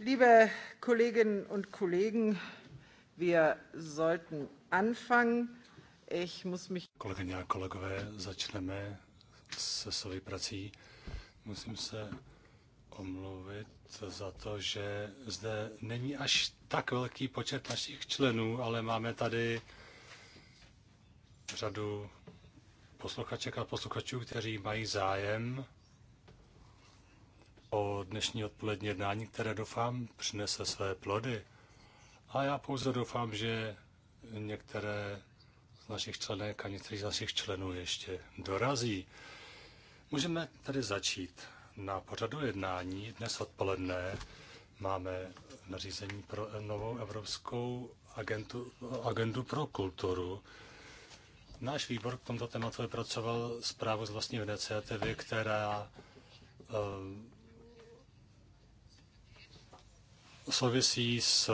Liebe Kolleginnen und Kollegen, wir sollten anfangen. Ich muss mich... Kolleginnen und Kollegen, začneme se svojí prací. Musím se omluvit za to, že zde není až tak velký počet našich členů, ale máme tady řadu posluchaček a posluchačů, kteří mají zájem o dnešní odpolední jednání, které doufám přinese své plody. A já pouze doufám, že některé z našich členek a některých z našich členů ještě dorazí. Můžeme tedy začít. Na pořadu jednání dnes odpoledne máme nařízení pro novou evropskou agentu, agendu pro kulturu. Náš výbor k tomto tématu vypracoval zprávu z vlastní iniciativy, která eh, souvisí s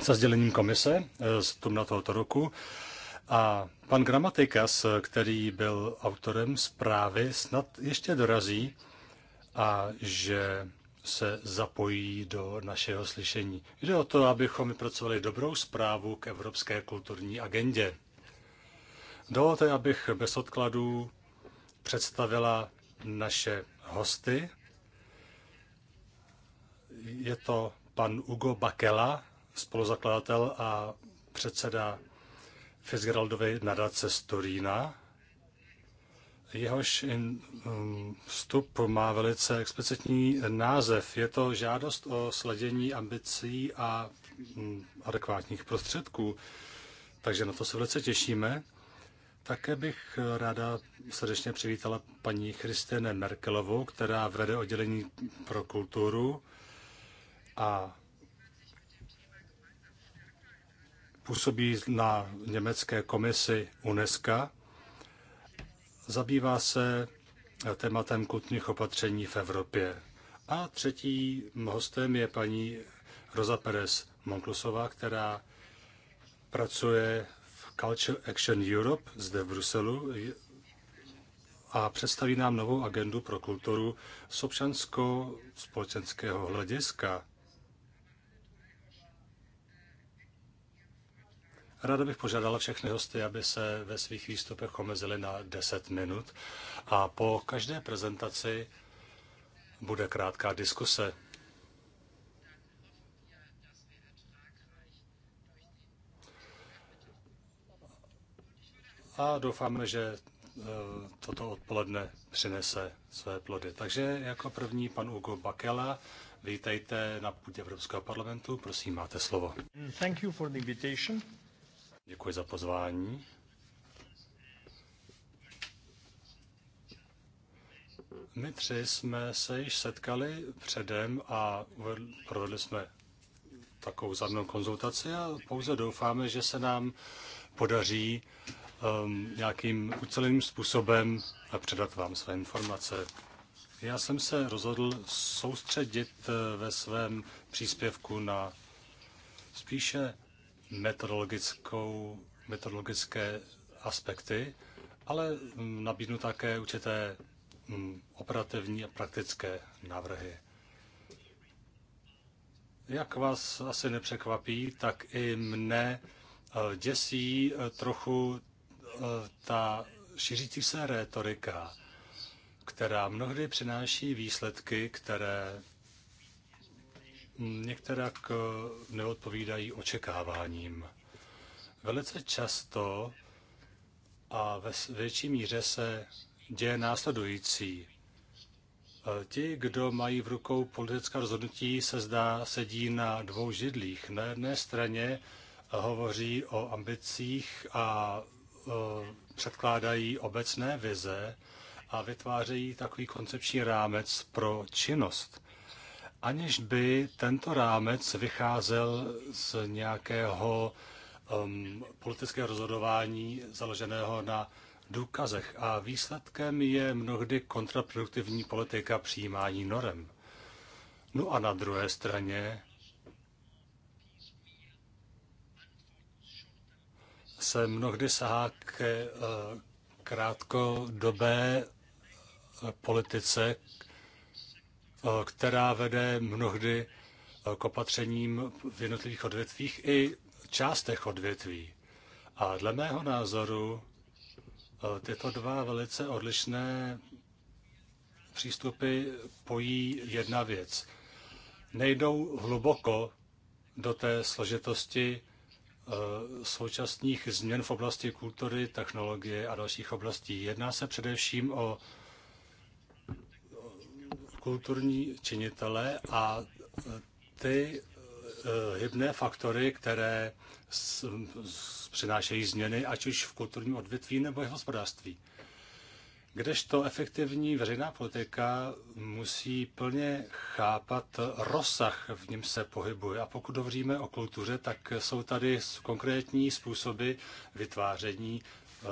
se sdělením komise eh, z na tohoto roku. A pan Gramatikas, který byl autorem zprávy, snad ještě dorazí a že se zapojí do našeho slyšení. Jde o to, abychom vypracovali dobrou zprávu k evropské kulturní agendě. Dovolte, abych bez odkladů představila naše hosty. Je to pan Ugo Bakela, spoluzakladatel a předseda Fitzgeraldovy nadace z Turína. Jehož um, vstup má velice explicitní název. Je to žádost o sledění ambicí a mm, adekvátních prostředků. Takže na to se velice těšíme. Také bych ráda srdečně přivítala paní Christine Merkelovou, která vede oddělení pro kulturu a působí na německé komisi UNESCO. Zabývá se tématem kulturních opatření v Evropě. A třetím hostem je paní Rosa Perez Monklusová, která pracuje Culture Action Europe zde v Bruselu a představí nám novou agendu pro kulturu z občansko-společenského hlediska. Ráda bych požádala všechny hosty, aby se ve svých výstupech omezili na 10 minut a po každé prezentaci bude krátká diskuse. a doufáme, že e, toto odpoledne přinese své plody. Takže jako první pan Ugo Bakela, vítejte na půdě Evropského parlamentu, prosím, máte slovo. Thank you for the invitation. Děkuji za pozvání. My tři jsme se již setkali předem a provedli jsme takovou zadnou konzultaci a pouze doufáme, že se nám podaří um, nějakým uceleným způsobem předat vám své informace. Já jsem se rozhodl soustředit eh, ve svém příspěvku na spíše metodologickou, metodologické aspekty, ale mm, nabídnu také určité mm, operativní a praktické návrhy. Jak vás asi nepřekvapí, tak i mne eh, děsí eh, trochu Eh, ta šířící se rétorika, která mnohdy přináší výsledky, které některak eh, neodpovídají očekáváním. Velice často a ve větší míře se děje následující. Eh, ti, kdo mají v rukou politická rozhodnutí, se zdá sedí na dvou židlích. Na jedné straně hovoří o ambicích a Eh, předkládají obecné vize a vytvářejí takový koncepční rámec pro činnost, aniž by tento rámec vycházel z nějakého um, politického rozhodování založeného na důkazech a výsledkem je mnohdy kontraproduktivní politika přijímání norem. No a na druhé straně se mnohdy sahá k eh, krátkodobé eh, politice, eh, která vede mnohdy k opatřením v jednotlivých odvětvích i částech odvětví. A dle mého názoru tyto dva velice odlišné přístupy pojí jedna věc. Nejdou hluboko do té složitosti Eh, současných změn v oblasti kultury, technologie a dalších oblastí. Jedná se především o kulturní činitele a eh, ty eh, hybné faktory, které přinášejí změny, ať už v kulturním odvětví nebo v hospodářství kdežto efektivní veřejná politika musí plně chápat rozsah, v něm se pohybuje. A pokud hovoříme o kultuře, tak jsou tady konkrétní způsoby vytváření eh,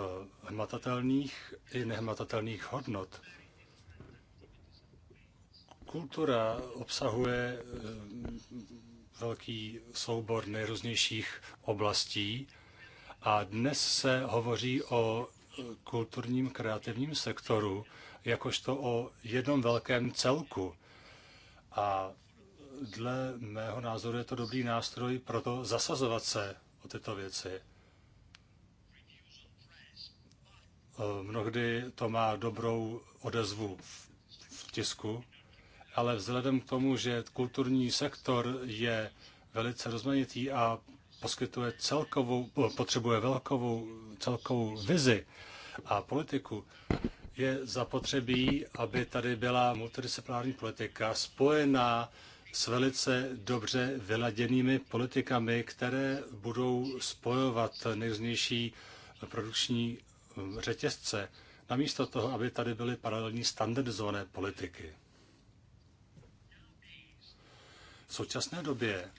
hmatatelných i nehmatatelných hodnot. Kultura obsahuje eh, velký soubor nejrůznějších oblastí a dnes se hovoří o kulturním kreativním sektoru jakožto o jednom velkém celku. A dle mého názoru je to dobrý nástroj pro to zasazovat se o tyto věci. Mnohdy to má dobrou odezvu v tisku, ale vzhledem k tomu, že kulturní sektor je velice rozmanitý a poskytuje celkovou, potřebuje velkovou, celkovou vizi a politiku, je zapotřebí, aby tady byla multidisciplinární politika spojená s velice dobře vyladěnými politikami, které budou spojovat nejrůznější produkční hm, řetězce, namísto toho, aby tady byly paralelní standardizované politiky. V současné době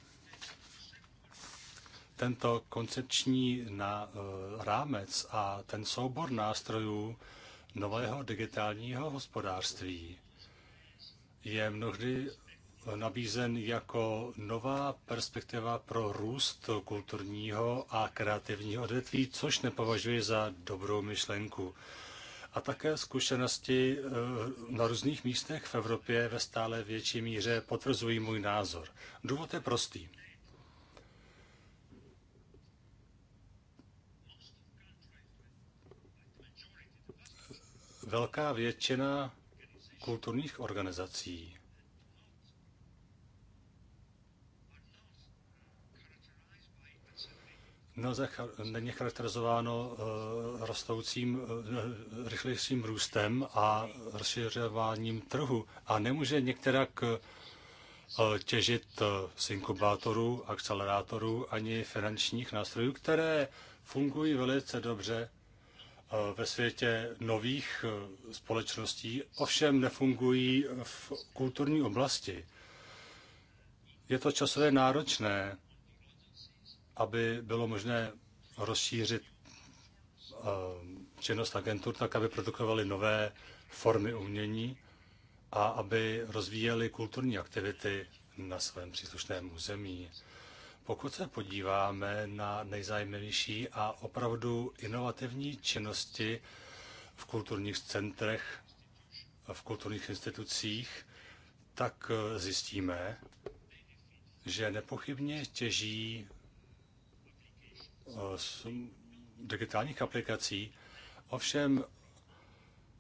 tento koncepční na, eh, rámec a ten soubor nástrojů nového digitálního hospodářství je mnohdy nabízen jako nová perspektiva pro růst kulturního a kreativního odvětví, což nepovažuji za dobrou myšlenku. A také zkušenosti eh, na různých místech v Evropě ve stále větší míře potvrzují můj názor. Důvod je prostý. velká většina kulturních organizací nelze, není charakterizováno eh, rostoucím, eh, rychlejším růstem a rozšiřováním trhu a nemůže některá k eh, těžit z inkubátorů, akcelerátorů ani finančních nástrojů, které fungují velice dobře Eh, ve světě nových eh, společností, ovšem nefungují v kulturní oblasti. Je to časově náročné, aby bylo možné rozšířit eh, činnost agentur tak, aby produkovali nové formy umění a aby rozvíjeli kulturní aktivity na svém příslušném území. Pokud se podíváme na nejzajímavější a opravdu inovativní činnosti v kulturních centrech, v kulturních institucích, tak eh, zjistíme, že nepochybně těží eh, z digitálních aplikací, ovšem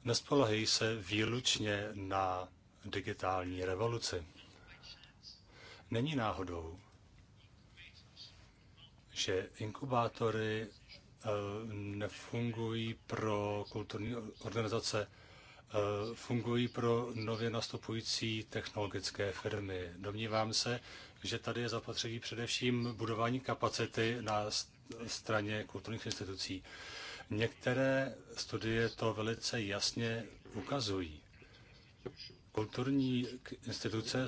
nespolehají se výlučně na digitální revoluci. Není náhodou, že inkubátory eh, nefungují pro kulturní organizace, eh, fungují pro nově nastupující technologické firmy. Domnívám se, že tady je zapotřebí především budování kapacity na straně kulturních institucí. Některé studie to velice jasně ukazují. Kulturní instituce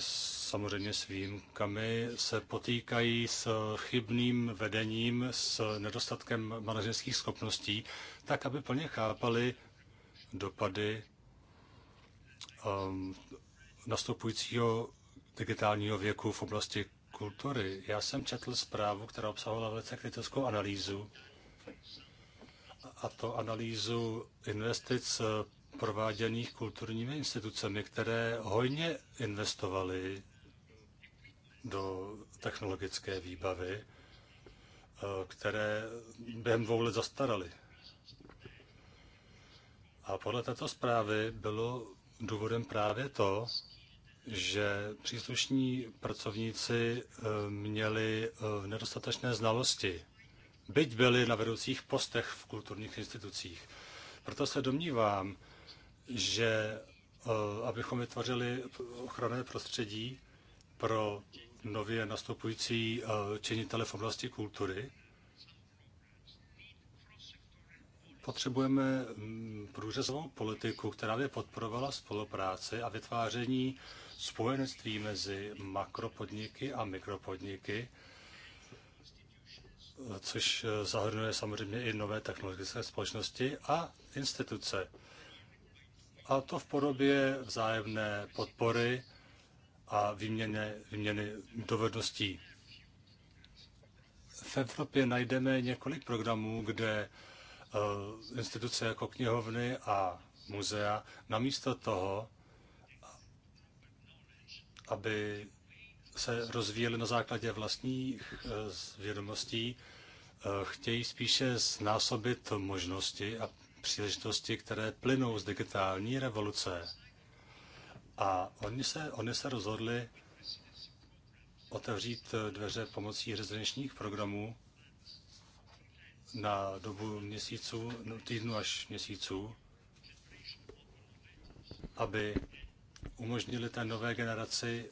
samozřejmě s výjimkami se potýkají s chybným vedením, s nedostatkem manažerských schopností, tak aby plně chápali dopady um, nastupujícího digitálního věku v oblasti kultury. Já jsem četl zprávu, která obsahovala velice kritickou analýzu, a to analýzu investic prováděných kulturními institucemi, které hojně investovaly do technologické výbavy, eh, které během dvou let zastaraly. A podle této zprávy bylo důvodem právě to, že příslušní pracovníci eh, měli eh, nedostatečné znalosti, byť byli na vedoucích postech v kulturních institucích. Proto se domnívám, že eh, abychom vytvořili ochranné prostředí pro nově nastupující eh, činitele v oblasti kultury, potřebujeme mm, průřezovou politiku, která by podporovala spolupráci a vytváření spojenectví mezi makropodniky a mikropodniky, což eh, zahrnuje samozřejmě i nové technologické společnosti a instituce a to v podobě vzájemné podpory a výměny, výměny dovedností. V Evropě najdeme několik programů, kde e, instituce jako knihovny a muzea namísto toho, aby se rozvíjeli na základě vlastních e, vědomostí, e, chtějí spíše znásobit možnosti a příležitosti, které plynou z digitální revoluce. A oni se, oni se rozhodli otevřít dveře pomocí rezidenčních programů na dobu měsíců, no, týdnu až měsíců, aby umožnili té nové generaci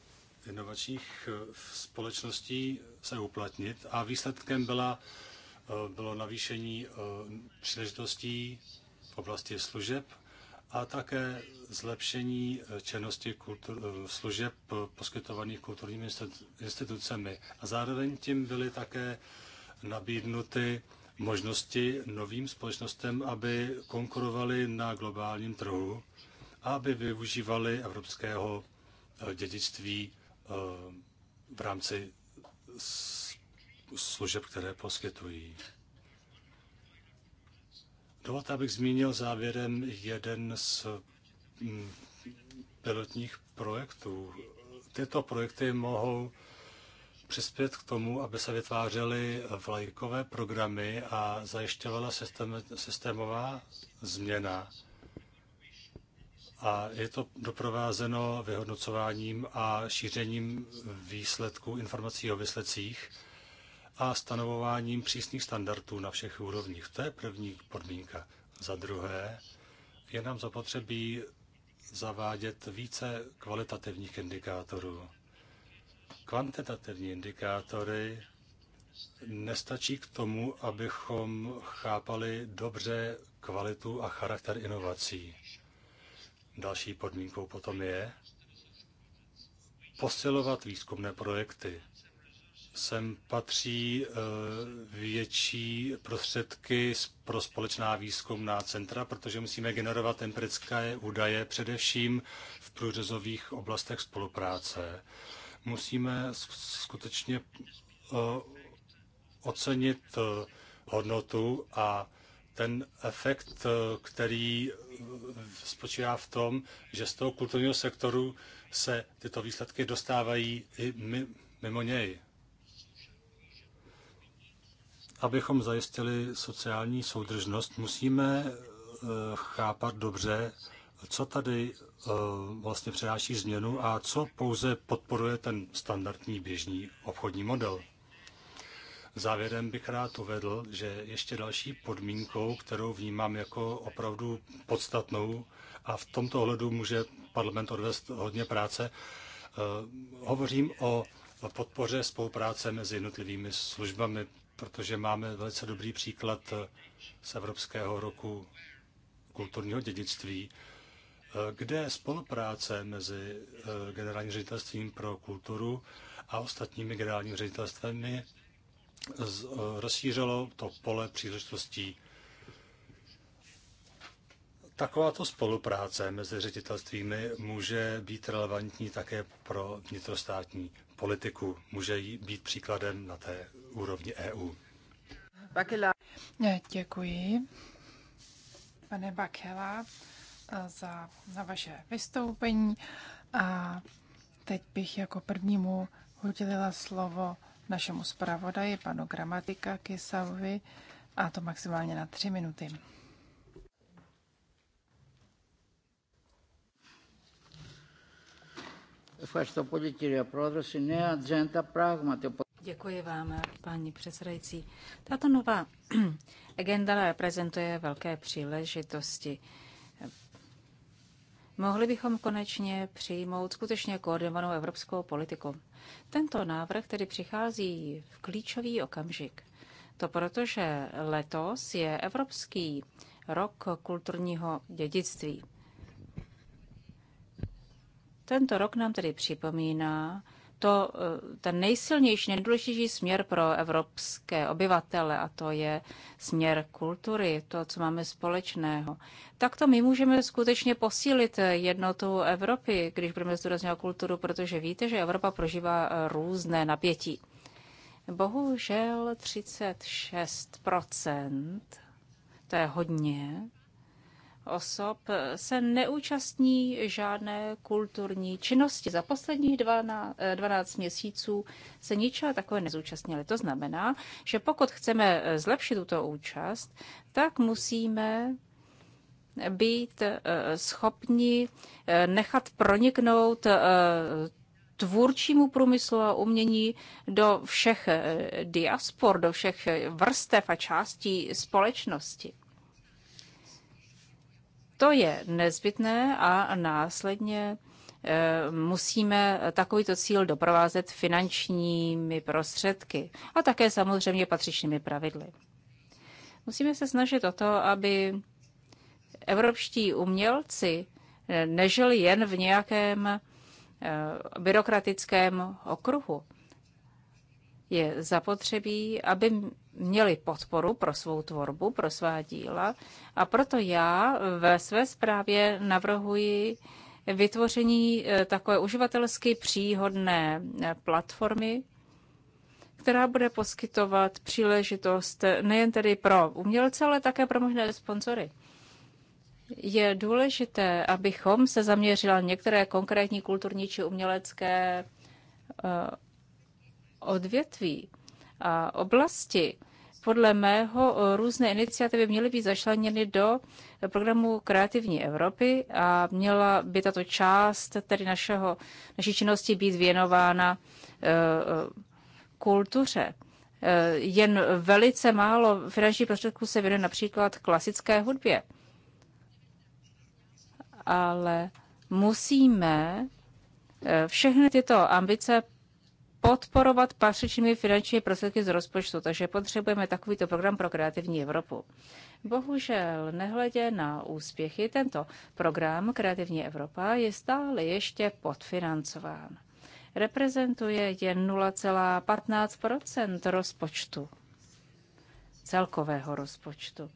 inovačních eh, společností se uplatnit. A výsledkem byla Eh, bylo navýšení eh, příležitostí v oblasti služeb a také zlepšení eh, černosti kultur, služeb poskytovaných kulturními institucemi. A zároveň tím byly také nabídnuty možnosti novým společnostem, aby konkurovali na globálním trhu a aby využívali evropského dědictví v rámci služeb, které poskytují. Dovolte, abych zmínil závěrem jeden z mm, pilotních projektů. Tyto projekty mohou přispět k tomu, aby se vytvářely vlajkové programy a zajišťovala systém, systémová změna. A je to doprovázeno vyhodnocováním a šířením výsledků informací o výsledcích a stanovováním přísných standardů na všech úrovních. To je první podmínka. Za druhé, je nám zapotřebí zavádět více kvalitativních indikátorů. Kvantitativní indikátory nestačí k tomu, abychom chápali dobře kvalitu a charakter inovací. Další podmínkou potom je posilovat výzkumné projekty sem patří eh, větší prostředky pro společná výzkumná centra, protože musíme generovat empirické údaje především v průřezových oblastech spolupráce. Musíme skutečně eh, ocenit eh, hodnotu a ten efekt, který spočívá v tom, že z toho kulturního sektoru se tyto výsledky dostávají i mimo něj abychom zajistili sociální soudržnost, musíme eh, chápat dobře, co tady eh, vlastně přináší změnu a co pouze podporuje ten standardní běžný obchodní model. Závěrem bych rád uvedl, že ještě další podmínkou, kterou vnímám jako opravdu podstatnou, a v tomto ohledu může parlament odvést hodně práce, eh, hovořím o podpoře spolupráce mezi jednotlivými službami protože máme velice dobrý příklad eh, z Evropského roku kulturního dědictví, eh, kde spolupráce mezi eh, generálním ředitelstvím pro kulturu a ostatními generálními ředitelstvími rozšířilo to pole příležitostí. Takováto spolupráce mezi ředitelstvími může být relevantní také pro vnitrostátní politiku. Může být příkladem na té úrovni EU. Děkuji, pane Bakela, za, za vaše vystoupení. A teď bych jako prvnímu udělila slovo našemu zpravodaji, panu Gramatika Kisavovi, a to maximálně na tři minuty. Ευχαριστώ πολύ κύριε Πρόεδρε. Η νέα ατζέντα πράγματι Děkuji vám, paní předsedající. Tato nová agenda prezentuje velké příležitosti. Mohli bychom konečně přijmout skutečně koordinovanou evropskou politiku. Tento návrh tedy přichází v klíčový okamžik. To proto, že letos je Evropský rok kulturního dědictví. Tento rok nám tedy připomíná, to, eh, ten nejsilnější, nejdůležitější směr pro evropské obyvatele, a to je směr kultury, to, co máme společného. Tak to my můžeme skutečně posílit eh, jednotu Evropy, když budeme zdůrazňovat kulturu, protože víte, že Evropa prožívá eh, různé napětí. Bohužel 36 to je hodně, osob se neúčastní žádné kulturní činnosti. Za posledních 12, eh, měsíců se ničeho takové nezúčastnili. To znamená, že pokud chceme eh, zlepšit tuto účast, tak musíme být eh, schopni nechat proniknout tvůrčímu průmyslu a umění do všech diaspor, do všech vrstev a částí společnosti. To je nezbytné a následně eh, musíme takovýto cíl doprovázet finančními prostředky a také samozřejmě patřičnými pravidly. Musíme se snažit o to, aby evropští umělci eh, nežili jen v nějakém eh, byrokratickém okruhu je zapotřebí, aby měli podporu pro svou tvorbu, pro svá díla. A proto já ve své zprávě navrhuji vytvoření eh, takové uživatelsky příhodné eh, platformy, která bude poskytovat příležitost nejen tedy pro umělce, ale také pro možné sponzory. Je důležité, abychom se zaměřili na některé konkrétní kulturní či umělecké eh, odvětví a oblasti podle mého různé iniciativy měly být začleněny do programu Kreativní Evropy a měla by tato část tedy našeho, naší činnosti být věnována eh, eh, kultuře. Eh, jen velice málo finančních prostředků se věnuje například klasické hudbě. Ale musíme všechny tyto ambice podporovat patřičnými finančními prostředky z rozpočtu, takže potřebujeme takovýto program pro kreativní Evropu. Bohužel, nehledě na úspěchy, tento program Kreativní Evropa je stále ještě podfinancován. Reprezentuje jen 0,15 rozpočtu, celkového rozpočtu.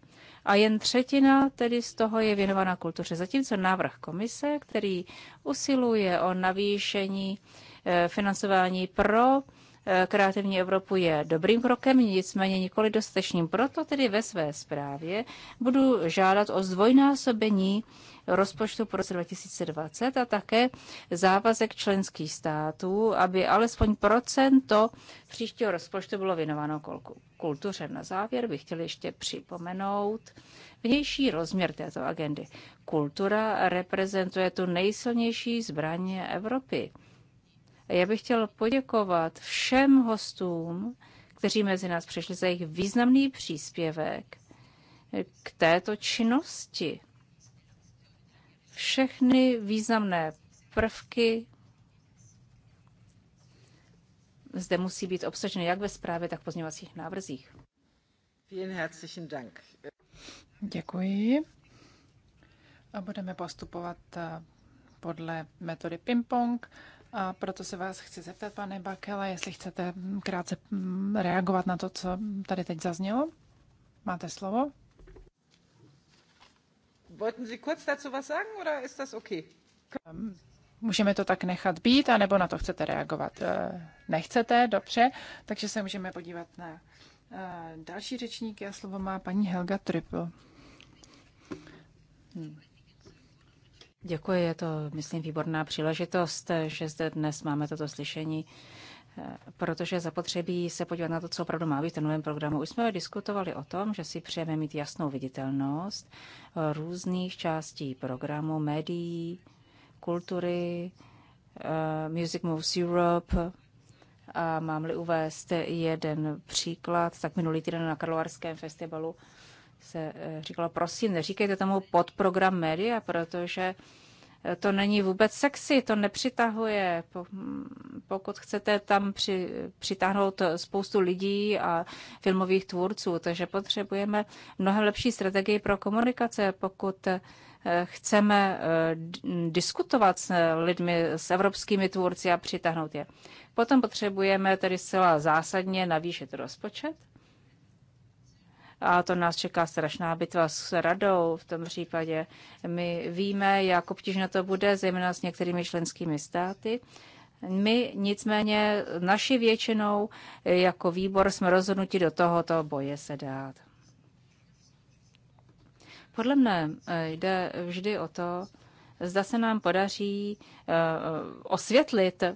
A jen třetina tedy z toho je věnována kultuře, zatímco návrh komise, který usiluje o navýšení Eh, financování pro eh, kreativní Evropu je dobrým krokem, nicméně nikoli dostatečným. Proto tedy ve své zprávě budu žádat o zdvojnásobení rozpočtu pro roce 2020 a také závazek členských států, aby alespoň procento příštího rozpočtu bylo věnováno kultuře. Na závěr bych chtěl ještě připomenout vnější rozměr této agendy. Kultura reprezentuje tu nejsilnější zbraně Evropy já bych chtěl poděkovat všem hostům, kteří mezi nás přišli za jejich významný příspěvek k této činnosti. Všechny významné prvky zde musí být obsaženy jak ve zprávě, tak v pozměňovacích návrzích. Děkuji. A budeme postupovat eh, podle metody ping-pong. A proto se vás chci zeptat, pane Bakela, jestli chcete krátce mm, reagovat na to, co tady teď zaznělo. Máte slovo? Wollten Sie kurz dazu was sagen, oder ist das okay? Můžeme to tak nechat být, anebo na to chcete reagovat? E, nechcete, dobře, takže se můžeme podívat na e, další řečníky a slovo má paní Helga Triple. Hmm. Děkuji, je to, myslím, výborná příležitost, že zde dnes máme toto slyšení, eh, protože zapotřebí se podívat na to, co opravdu má být v novém programu. Už jsme diskutovali o tom, že si přejeme mít jasnou viditelnost různých částí programu, médií, kultury, eh, Music Moves Europe. A mám-li uvést jeden příklad, tak minulý týden na Karlovarském festivalu se eh, říkalo, prosím, neříkejte tomu podprogram média, protože eh, to není vůbec sexy, to nepřitahuje. Hm, pokud chcete tam při, přitáhnout spoustu lidí a filmových tvůrců, takže potřebujeme mnohem lepší strategii pro komunikace, pokud eh, chceme hm, diskutovat s lidmi, s evropskými tvůrci a přitáhnout je. Potom potřebujeme tedy zcela zásadně navýšit rozpočet a to nás čeká strašná bitva s radou v tom případě. My víme, jak obtížné to bude, zejména s některými členskými státy. My nicméně naši většinou jako výbor jsme rozhodnuti do tohoto boje se dát. Podle mne eh, jde vždy o to, zda se nám podaří eh, osvětlit eh,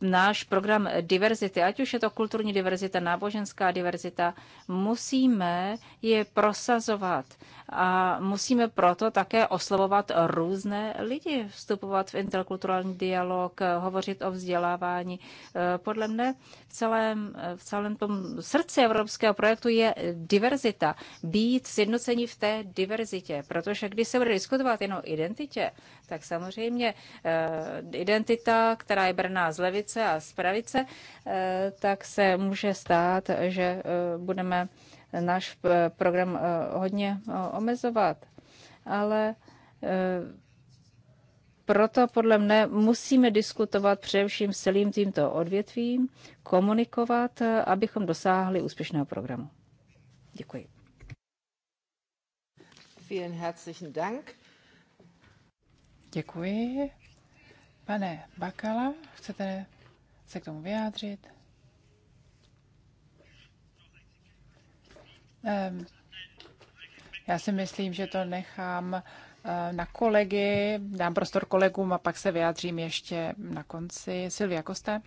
náš program diverzity, ať už je to kulturní diverzita, náboženská diverzita, musíme je prosazovat a musíme proto také oslovovat různé lidi, vstupovat v interkulturální dialog, hovořit o vzdělávání. E, podle mne v celém, v celém tom srdci evropského projektu je diverzita, být sjednocení v té diverzitě, protože když se bude diskutovat jen o identitě, tak samozřejmě eh, identita, která je brná z levice a z pravice, eh, tak se může stát, že eh, budeme náš program hodně omezovat. Ale proto podle mne musíme diskutovat především s celým tímto odvětvím, komunikovat, abychom dosáhli úspěšného programu. Děkuji. Vielen herzlichen Dank. Děkuji. Pane Bakala, chcete se k tomu vyjádřit? Ehm, já si myslím, že to nechám eh, na kolegy, dám prostor kolegům a pak se vyjádřím ještě na konci. Silvia Koste.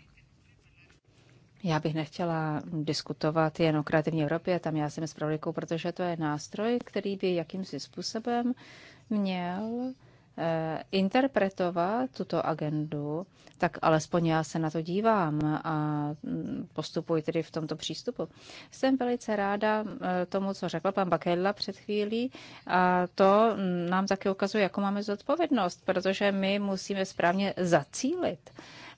Já bych nechtěla diskutovat jen o kreativní Evropě, tam já jsem s protože to je nástroj, který by jakýmsi způsobem měl Eh, interpretovat tuto agendu, tak alespoň já se na to dívám a mm, postupuji tedy v tomto přístupu. Jsem velice ráda eh, tomu, co řekl pan Bakella před chvílí a to mm, nám také ukazuje, jakou máme zodpovědnost, protože my musíme správně zacílit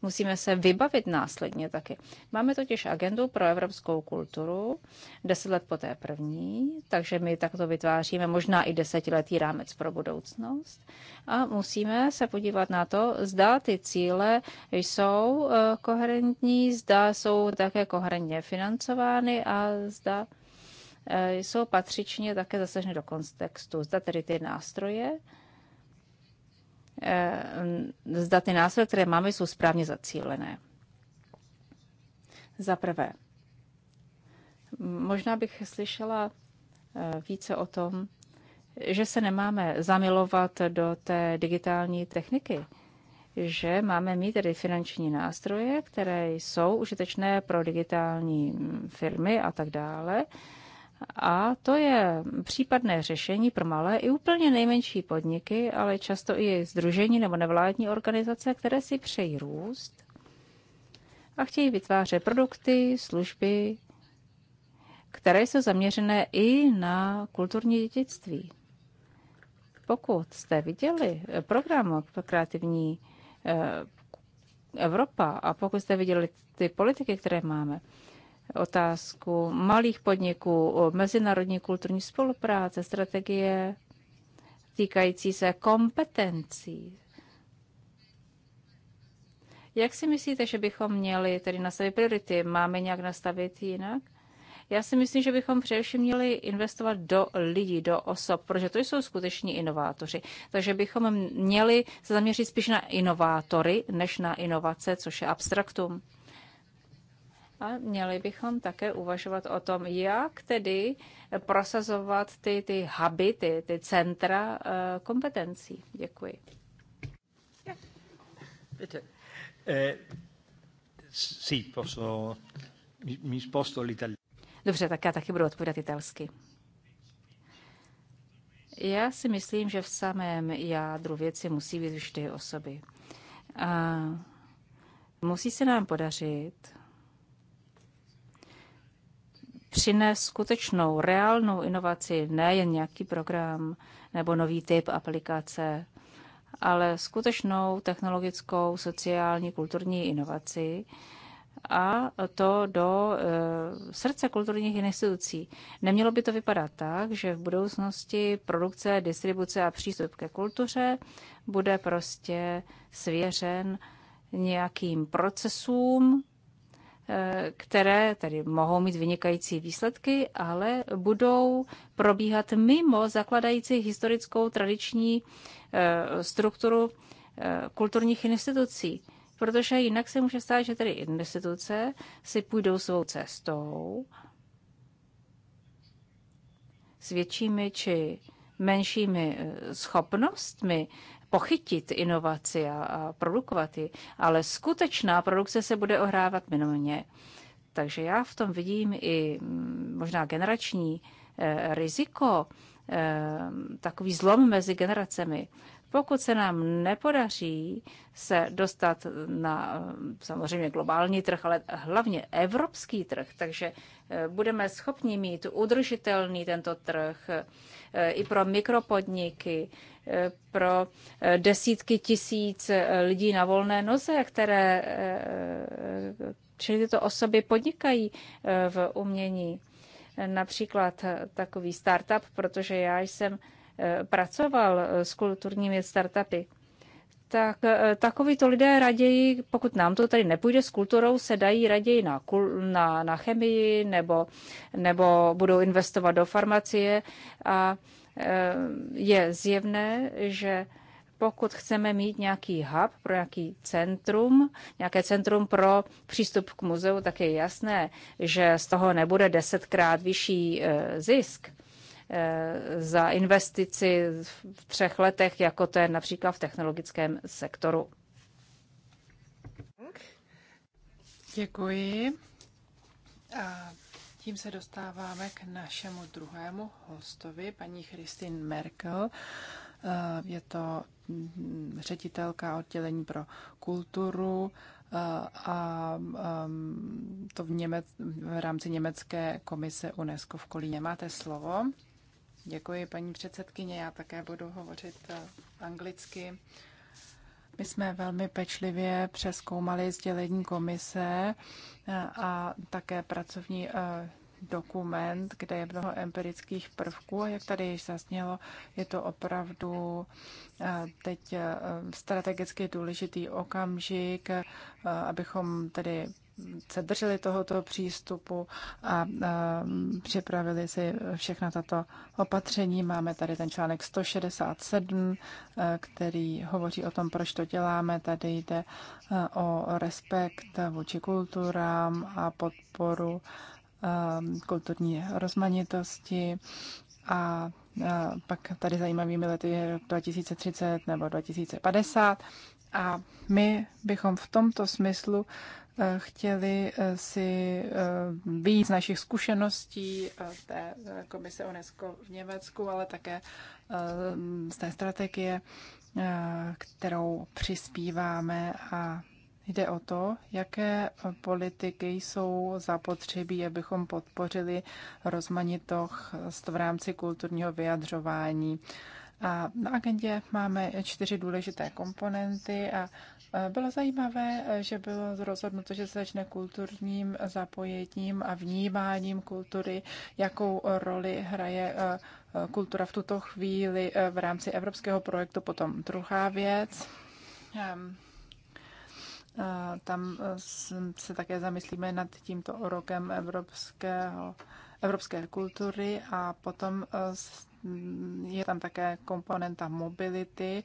musíme se vybavit následně taky. Máme totiž agendu pro evropskou kulturu, deset let po té první, takže my takto vytváříme možná i desetiletý rámec pro budoucnost a musíme se podívat na to, zda ty cíle jsou eh, koherentní, zda jsou také koherentně financovány a zda eh, jsou patřičně také zasaženy do kontextu. Zda tedy ty nástroje, Eh, mm, zda ty nástroje, které máme, jsou správně zacílené. Za prvé, možná bych slyšela eh, více o tom, že se nemáme zamilovat do té digitální techniky, že máme mít tedy finanční nástroje, které jsou užitečné pro digitální mm, firmy a tak dále, a to je případné řešení pro malé i úplně nejmenší podniky, ale často i združení nebo nevládní organizace, které si přejí růst a chtějí vytvářet produkty, služby, které jsou zaměřené i na kulturní dědictví. Pokud jste viděli program Kreativní eh, Evropa a pokud jste viděli ty politiky, které máme, otázku malých podniků, mezinárodní kulturní spolupráce, strategie týkající se kompetencí. Jak si myslíte, že bychom měli tedy nastavit priority? Máme nějak nastavit jinak? Já si myslím, že bychom především měli investovat do lidí, do osob, protože to jsou skuteční inovátoři. Takže bychom měli se zaměřit spíš na inovátory, než na inovace, což je abstraktum. A měli bychom také uvažovat o tom, jak tedy prosazovat ty, ty huby, ty, ty centra eh, kompetencí. Děkuji. Bitte. Eh, sì, posso, mi, mi sposto Dobře, tak já taky budu odpovídat italsky. Já si myslím, že v samém jádru věci musí být vždy osoby. A musí se nám podařit přinést skutečnou, reálnou inovaci, nejen nějaký program nebo nový typ aplikace, ale skutečnou technologickou, sociální, kulturní inovaci a to do e, srdce kulturních institucí. Nemělo by to vypadat tak, že v budoucnosti produkce, distribuce a přístup ke kultuře bude prostě svěřen nějakým procesům, Eh, které tedy mohou mít vynikající výsledky, ale budou probíhat mimo zakladající historickou tradiční eh, strukturu eh, kulturních institucí. Protože jinak se může stát, že tedy instituce si půjdou svou cestou s většími či menšími schopnostmi pochytit inovaci a, a produkovat ji, ale skutečná produkce se bude ohrávat minimálně. Takže já v tom vidím i mm, možná generační eh, riziko, eh, takový zlom mezi generacemi. Pokud se nám nepodaří se dostat na eh, samozřejmě globální trh, ale hlavně evropský trh, takže eh, budeme schopni mít udržitelný tento trh eh, i pro mikropodniky, pro desítky tisíc lidí na volné noze, které čili tyto osoby podnikají v umění. Například takový startup, protože já jsem Eh, pracoval eh, s kulturními startupy, tak eh, takovýto lidé raději, pokud nám to tady nepůjde s kulturou, se dají raději na, na, na chemii nebo, nebo budou investovat do farmacie. A je zjevné, že pokud chceme mít nějaký hub pro nějaký centrum, nějaké centrum pro přístup k muzeu, tak je jasné, že z toho nebude desetkrát vyšší zisk. Eh, za investici v třech letech, jako to je například v technologickém sektoru. Děkuji. A tím se dostáváme k našemu druhému hostovi, paní Christine Merkel. Eh, je to mm, ředitelka oddělení pro kulturu eh, a ehm, to v, Němec, v rámci Německé komise UNESCO v Kolíně. Máte slovo. Děkuji, paní předsedkyně. Já také budu hovořit eh, anglicky. My jsme velmi pečlivě přeskoumali sdělení komise eh, a také pracovní eh, dokument, kde je mnoho empirických prvků a jak tady již zaznělo, je to opravdu teď strategicky důležitý okamžik, abychom tedy se drželi tohoto přístupu a připravili si všechna tato opatření. Máme tady ten článek 167, e, který hovoří o tom, proč to děláme. Tady jde e, o respekt vůči kulturám a podporu e, kulturní rozmanitosti a pak tady zajímavými lety je 2030 nebo 2050. A my bychom v tomto smyslu Eh, chtěli eh, si eh, víc našich zkušeností té komise UNESCO v Německu, ale také z té strategie, kterou přispíváme a Jde o to, jaké politiky jsou zapotřebí, abychom podpořili rozmanitost v rámci kulturního vyjadřování. A na agendě máme čtyři důležité komponenty a bylo zajímavé, že bylo rozhodnuto, že se začne kulturním zapojením a vnímáním kultury, jakou roli hraje kultura v tuto chvíli v rámci evropského projektu. Potom druhá věc. Ehm, tam se také zamyslíme nad tímto rokem evropského, evropské kultury a potom je tam také komponenta mobility,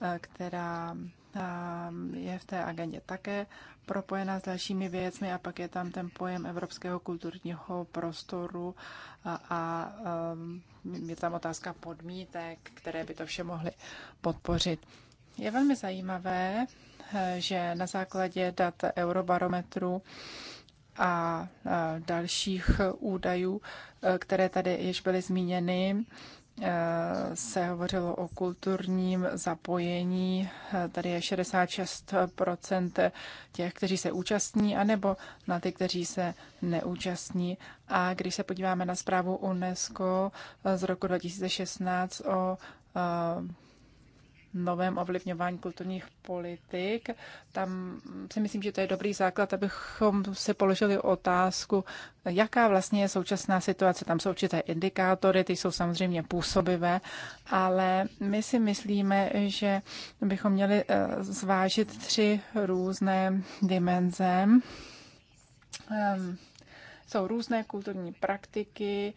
eh, která eh, je v té agendě také propojená s dalšími věcmi a pak je tam ten pojem evropského kulturního prostoru a, a eh, je tam otázka podmítek, které by to vše mohly podpořit. Je velmi zajímavé, že na základě dat Eurobarometru a dalších údajů, které tady již byly zmíněny, se hovořilo o kulturním zapojení. Tady je 66 těch, kteří se účastní, anebo na ty, kteří se neúčastní. A když se podíváme na zprávu UNESCO z roku 2016 o eh, novém ovlivňování kulturních politik. Tam si myslím, že to je dobrý základ, abychom si položili otázku, jaká vlastně je současná situace. Tam jsou určité indikátory, ty jsou samozřejmě působivé, ale my si myslíme, že bychom měli eh, zvážit tři různé dimenze. Ehm, jsou různé kulturní praktiky,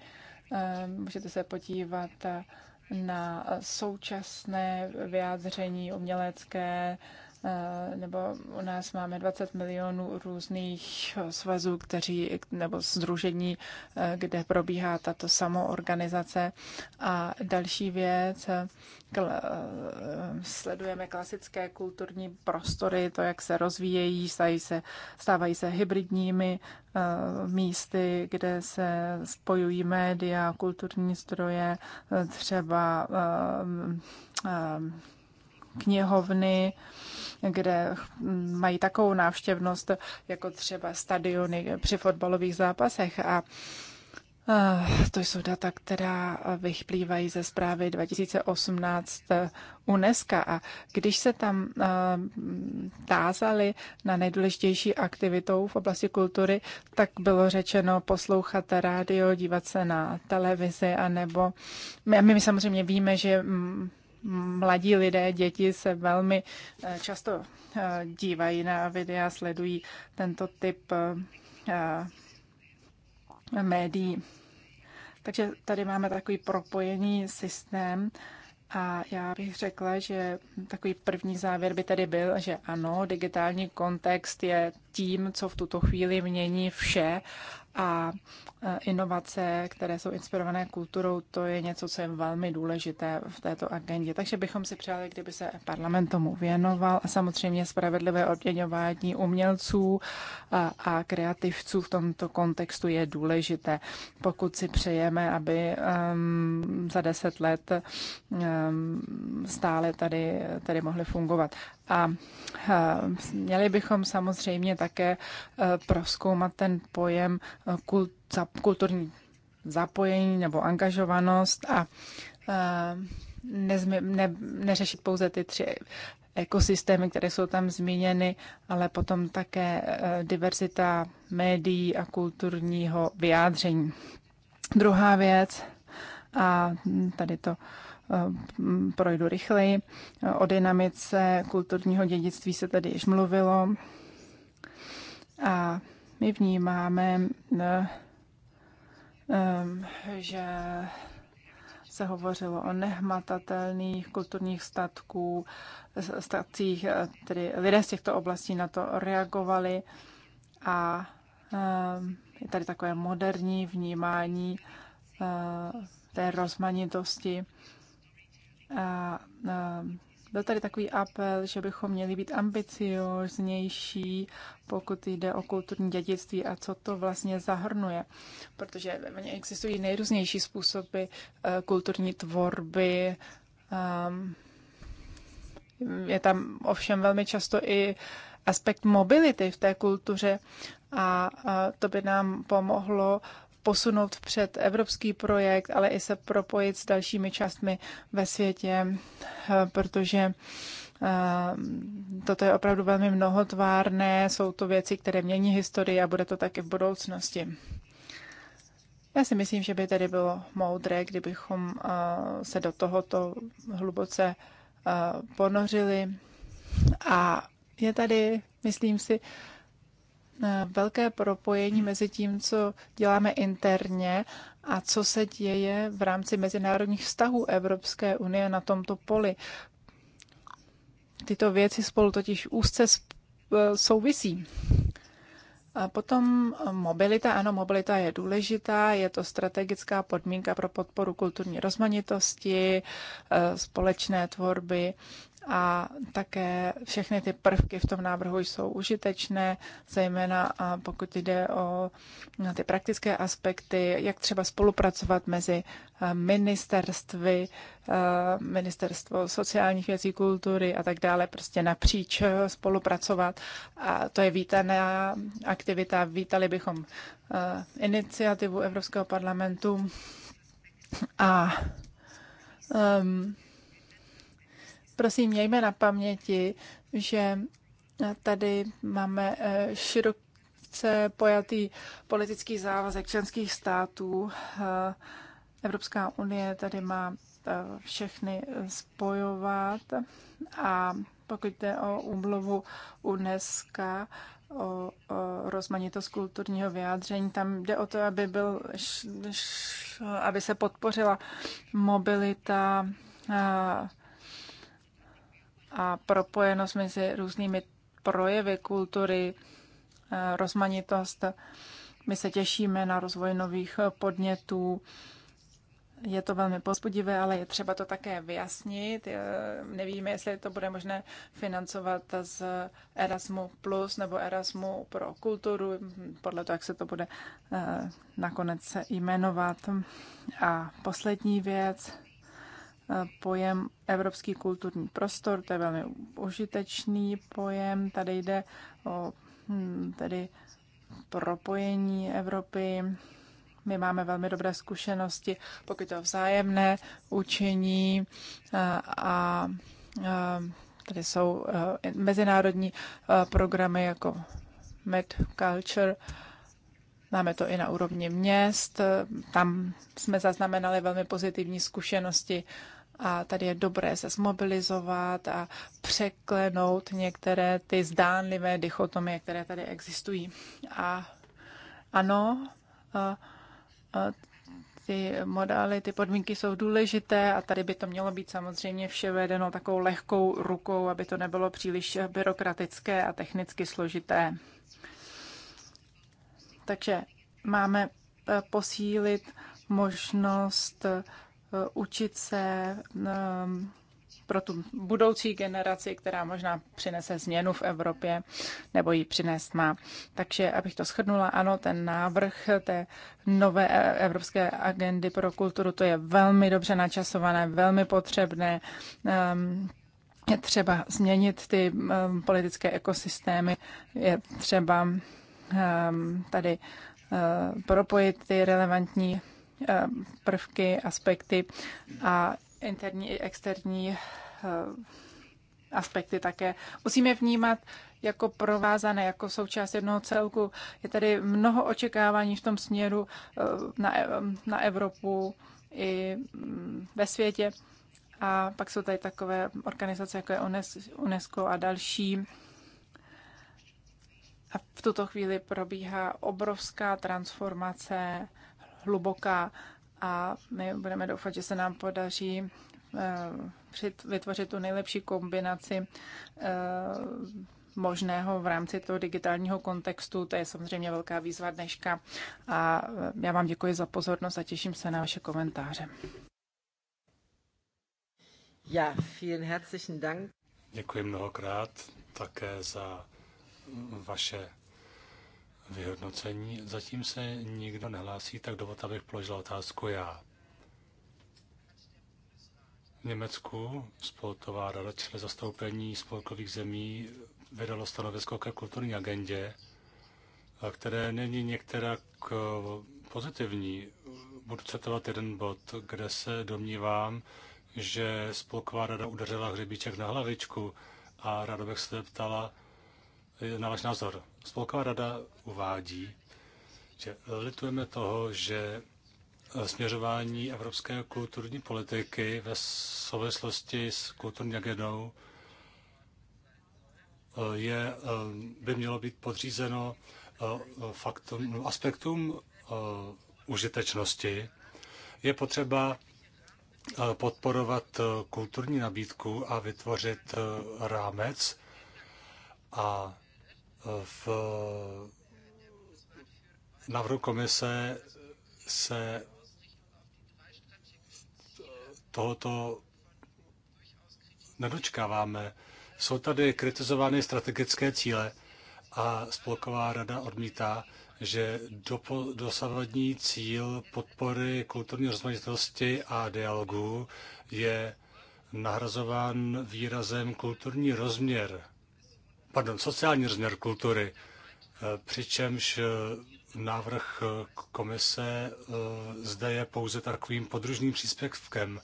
ehm, můžete se podívat eh, na současné vyjádření umělecké Eh, nebo u nás máme 20 milionů různých svazů, kteří, nebo združení, eh, kde probíhá tato samoorganizace. A další věc, kl- eh, sledujeme klasické kulturní prostory, to, jak se rozvíjejí, stávají se, stávají se hybridními místy, kde se spojují média, kulturní zdroje, třeba knihovny, kde mají takovou návštěvnost jako třeba stadiony při fotbalových zápasech a to jsou data, která vyplývají ze zprávy 2018 UNESCO. A když se tam tázali na nejdůležitější aktivitou v oblasti kultury, tak bylo řečeno poslouchat rádio, dívat se na televizi, anebo my, my samozřejmě víme, že mladí lidé, děti se velmi eh, často eh, dívají na videa, sledují tento typ eh, médií. Takže tady máme takový propojený systém a já bych řekla, že takový první závěr by tady byl, že ano, digitální kontext je tím, co v tuto chvíli mění vše a e, inovace, které jsou inspirované kulturou, to je něco, co je velmi důležité v této agendě. Takže bychom si přáli, kdyby se parlament tomu věnoval a samozřejmě spravedlivé odměňování umělců a, a kreativců v tomto kontextu je důležité. Pokud si přejeme, aby um, za deset let um, stále tady, tady mohly fungovat. A eh, měli bychom samozřejmě také eh, proskoumat ten pojem eh, kulturní zapojení nebo angažovanost a nezmi, ne, neřešit pouze ty tři ekosystémy, které jsou tam zmíněny, ale potom také diverzita médií a kulturního vyjádření. Druhá věc, a tady to Eh, projdu rychleji. O dynamice kulturního dědictví se tady již mluvilo. A my vnímáme, eh, eh, že se hovořilo o nehmatatelných kulturních statků, statcích, tedy lidé z těchto oblastí na to reagovali a je tady takové moderní vnímání té rozmanitosti a, a byl tady takový apel, že bychom měli být ambicioznější, pokud jde o kulturní dědictví a co to vlastně zahrnuje. Protože existují nejrůznější způsoby e, kulturní tvorby. Ehm, je tam ovšem velmi často i aspekt mobility v té kultuře a to by nám pomohlo posunout před evropský projekt, ale i se propojit s dalšími částmi ve světě, eh, protože eh, toto je opravdu velmi mnohotvárné, jsou to věci, které mění historii a bude to i v budoucnosti. Já si myslím, že by tedy bylo moudré, kdybychom eh, se do tohoto hluboce ponořili. A je tady, myslím si, Eh, velké propojení mezi tím, co děláme interně a co se děje v rámci mezinárodních vztahů Evropské unie na tomto poli. Tyto věci spolu totiž úzce eh, souvisí. A potom eh, mobilita. Ano, mobilita je důležitá, je to strategická podmínka pro podporu kulturní rozmanitosti, společné tvorby a také všechny ty prvky v tom návrhu jsou užitečné, zejména pokud jde o ty praktické aspekty, jak třeba spolupracovat mezi eh, ministerstvy, eh, ministerstvo sociálních věcí, kultury a tak dále, prostě napříč eh, spolupracovat. A to je vítaná aktivita. Vítali bychom iniciativu Evropského parlamentu a um, prosím, mějme na paměti, že tady máme eh, široce pojatý politický závazek členských států. Eh, Evropská unie tady má eh, všechny spojovat a pokud jde o úmluvu UNESCO, o, o rozmanitost kulturního vyjádření. Tam jde o to, aby, byl, š, š, aby se podpořila mobilita a, a propojenost mezi různými projevy kultury, eh, rozmanitost. My se těšíme na rozvoj nových podnětů. Je to velmi pozbudivé, ale je třeba to také vyjasnit. Eh, nevíme, jestli to bude možné financovat z Erasmu Plus nebo Erasmu pro kulturu, podle toho, jak se to bude eh, nakonec jmenovat. A poslední věc, pojem Evropský kulturní prostor, to je velmi užitečný pojem. Tady jde o hm, tedy propojení Evropy. My máme velmi dobré zkušenosti, pokud to vzájemné učení a, a tady jsou eh, mezinárodní eh, programy jako Med Culture. Máme to i na úrovni měst. Tam jsme zaznamenali velmi pozitivní zkušenosti a tady je dobré se zmobilizovat a překlenout některé ty zdánlivé dichotomie, které tady existují. A ano, a, a ty modály, ty podmínky jsou důležité a tady by to mělo být samozřejmě vše vedeno takovou lehkou rukou, aby to nebylo příliš byrokratické a technicky složité. Takže máme e, posílit možnost učit se ehm, pro tu budoucí generaci, která možná přinese změnu v Evropě, nebo ji přinést má. Takže, abych to shrnula, ano, ten návrh té nové e, evropské agendy pro kulturu, to je velmi dobře načasované, velmi potřebné. Ehm, je třeba změnit ty ehm, politické ekosystémy, je třeba tady eh, propojit ty relevantní Eh, prvky, aspekty a interní i externí eh, aspekty také. Musíme vnímat jako provázané, jako součást jednoho celku. Je tady mnoho očekávání v tom směru eh, na, Evropu i mm, ve světě. A pak jsou tady takové organizace, jako je UNESCO a další. A v tuto chvíli probíhá obrovská transformace hluboká a my budeme doufat, že se nám podaří eh, vytvořit tu nejlepší kombinaci eh, možného v rámci toho digitálního kontextu. To je samozřejmě velká výzva dneška a eh, já vám děkuji za pozornost a těším se na vaše komentáře. Ja, vielen herzlichen Dank. Děkuji mnohokrát také za vaše vyhodnocení. Zatím se nikdo nehlásí, tak dovolte, abych položil otázku já. V Německu spolková rada, čili zastoupení spolkových zemí, vydalo stanovisko ke kulturní agendě, které není některá eh, pozitivní. Budu citovat jeden bod, kde se domnívám, že spolková rada udeřila hřebíček na hlavičku a rada bych se ptala, Eh, na váš názor. Spolková rada uvádí, že litujeme toho, že eh, směřování evropské kulturní politiky ve souvislosti s kulturní agendou eh, je, by mělo být podřízeno faktum, aspektům užitečnosti. Je potřeba podporovat kulturní nabídku a vytvořit rámec a v návrhu komise se tohoto nedočkáváme. Jsou tady kritizovány strategické cíle a spolková rada odmítá, že dosavadní cíl podpory kulturní rozmanitosti a dialogu je nahrazován výrazem kulturní rozměr pardon, sociální rozměr kultury, eh, přičemž eh, návrh eh, komise zde je pouze takovým podružným příspěvkem.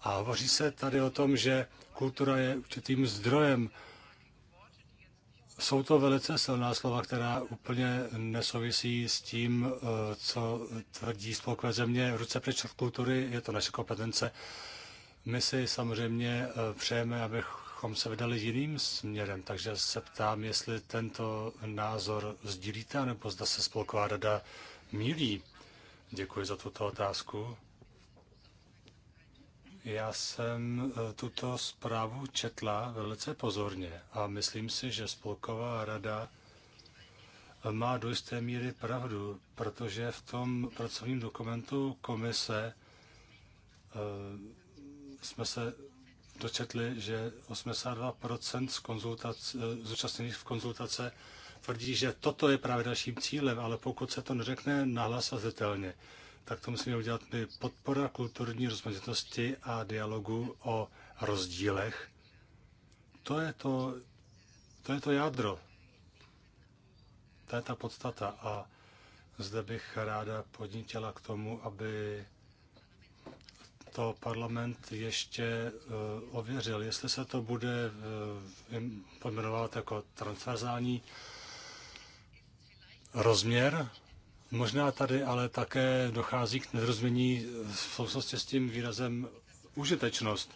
A hovoří se tady o tom, že kultura je určitým zdrojem. Jsou to velice silná slova, která úplně nesouvisí s tím, co tvrdí spolkové země. Ruce pryč od kultury, je to naše kompetence. My si samozřejmě přejeme, abych bychom se vydali jiným směrem. Takže se ptám, jestli tento názor sdílíte, nebo zda se spolková rada mílí. Děkuji za tuto otázku. Já jsem eh, tuto zprávu četla velice pozorně a myslím si, že spolková rada eh, má do jisté míry pravdu, protože v tom pracovním dokumentu komise eh, jsme se dočetli, že 82% z, konzultace, eh, zúčastněných v konzultace tvrdí, že toto je právě dalším cílem, ale pokud se to neřekne nahlas a zetelně, tak to musíme udělat my. Podpora kulturní rozmanitosti a dialogu o rozdílech, to je to, to, je to jádro. To je ta podstata. A zde bych ráda podnítila k tomu, aby to parlament ještě eh, ověřil. Jestli se to bude eh, pojmenovat jako transverzální rozměr, možná tady ale také dochází k nedrozumění v souvislosti s tím výrazem užitečnost.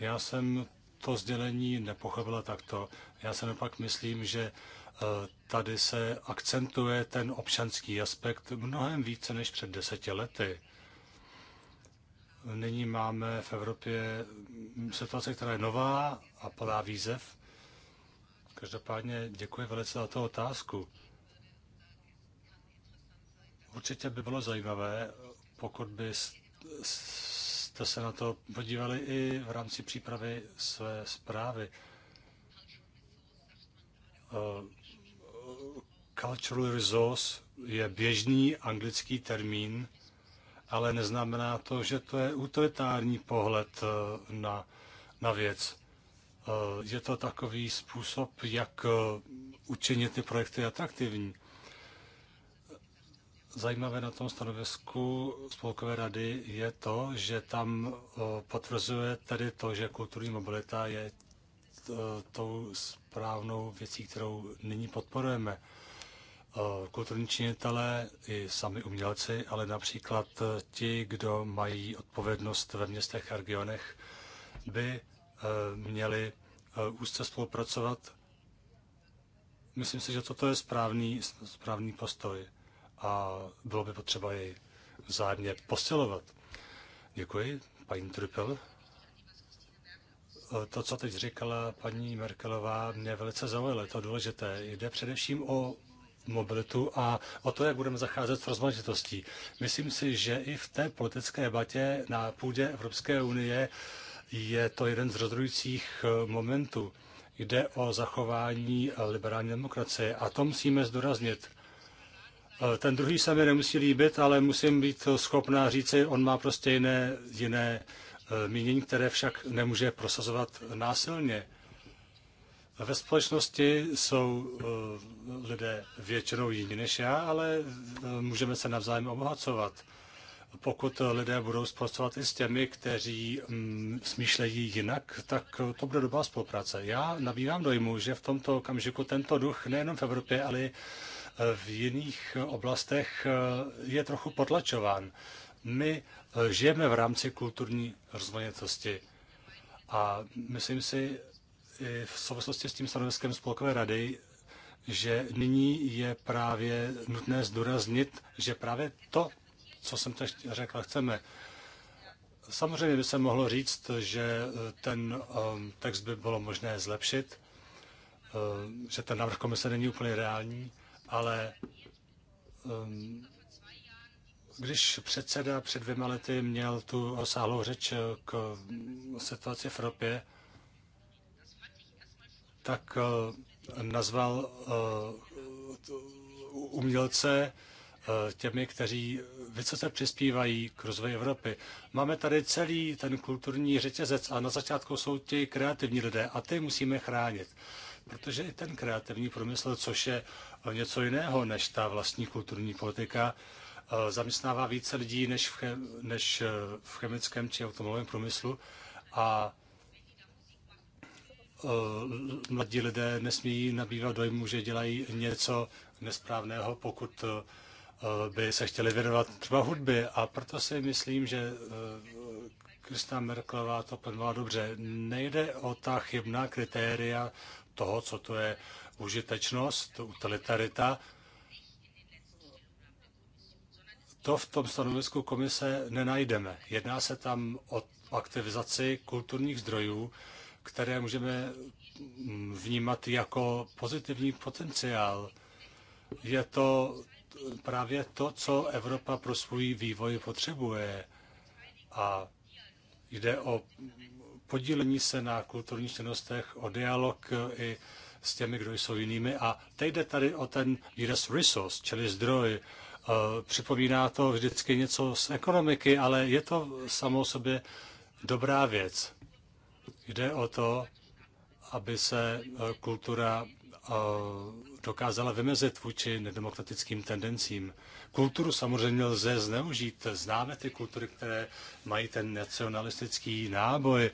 Já jsem to sdělení nepochopila takto. Já se naopak myslím, že eh, tady se akcentuje ten občanský aspekt mnohem více než před deseti lety. Nyní máme v Evropě situace, která je nová a plná výzev. Každopádně děkuji velice za tu otázku. Určitě by bylo zajímavé, pokud byste se na to podívali i v rámci přípravy své zprávy. Eh, cultural resource je běžný anglický termín, ale neznamená to, že to je utilitární pohled eh, na, na věc. Eh, je to takový způsob, jak eh, učinit ty projekty atraktivní. Zajímavé na tom stanovisku spolkové rady je to, že tam potvrzuje tedy to, že kulturní mobilita je tou správnou věcí, kterou nyní podporujeme kulturní činitelé i sami umělci, ale například e, ti, kdo mají odpovědnost ve městech a regionech, by e, měli e, úzce spolupracovat. Myslím si, že toto je správný, správný postoj a bylo by potřeba jej zájemně posilovat. Děkuji, paní Trupel. To, co teď říkala paní Merkelová, mě velice zaujalo, je to důležité. Jde především o mobilitu a o to, jak budeme zacházet s rozmanitostí. Myslím si, že i v té politické batě na půdě Evropské unie je to jeden z rozhodujících eh, momentů. Jde o zachování eh, liberální demokracie a to musíme zdůraznit. Eh, ten druhý se mi nemusí líbit, ale musím být schopná říci, on má prostě jiné, jiné mínění, které však nemůže prosazovat násilně. Ve společnosti jsou eh, lidé většinou jiní než já, ale eh, můžeme se navzájem obohacovat. Pokud lidé budou spolupracovat i s těmi, kteří mm, smýšlejí jinak, tak to bude dobrá spolupráce. Já nabývám dojmu, že v tomto okamžiku tento duch nejenom v Evropě, ale eh, v jiných oblastech je trochu potlačován. My žijeme v rámci kulturní rozmanitosti a myslím si, i v souvislosti s tím stanoviskem Spolkové rady, že nyní je právě nutné zdůraznit, že právě to, co jsem teď řekl, chceme. Samozřejmě by se mohlo říct, že eh, ten ehm, text by bylo možné zlepšit, eh, že ten návrh komise není úplně reální, ale ehm, když předseda před dvěma lety měl tu rozsáhlou řeč eh, k mm, situaci v Evropě, tak eh, nazval eh, umělce eh, těmi, kteří vysoce přispívají k rozvoji Evropy. Máme tady celý ten kulturní řetězec a na začátku jsou ti kreativní lidé a ty musíme chránit. Protože i ten kreativní průmysl, což je něco jiného než ta vlastní kulturní politika, zaměstnává více lidí než v, chem, než v chemickém či automobilovém průmyslu a Eh, mladí lidé nesmí nabývat dojmu, že dělají něco nesprávného, pokud eh, by se chtěli věnovat třeba hudby. A proto si myslím, že eh, Krista Merklová to plnila dobře. Nejde o ta chybná kritéria toho, co to je užitečnost, utilitarita. To v tom stanovisku komise nenajdeme. Jedná se tam o aktivizaci kulturních zdrojů, které můžeme vnímat jako pozitivní potenciál. Je to právě to, co Evropa pro svůj vývoj potřebuje. A jde o podílení se na kulturních činnostech, o dialog i s těmi, kdo jsou jinými. A teď jde tady o ten výraz resource, čili zdroj. E, připomíná to vždycky něco z ekonomiky, ale je to samo sobě dobrá věc. Jde o to, aby se e, kultura e, dokázala vymezit vůči nedemokratickým tendencím. Kulturu samozřejmě lze zneužít. Známe ty kultury, které mají ten nacionalistický náboj.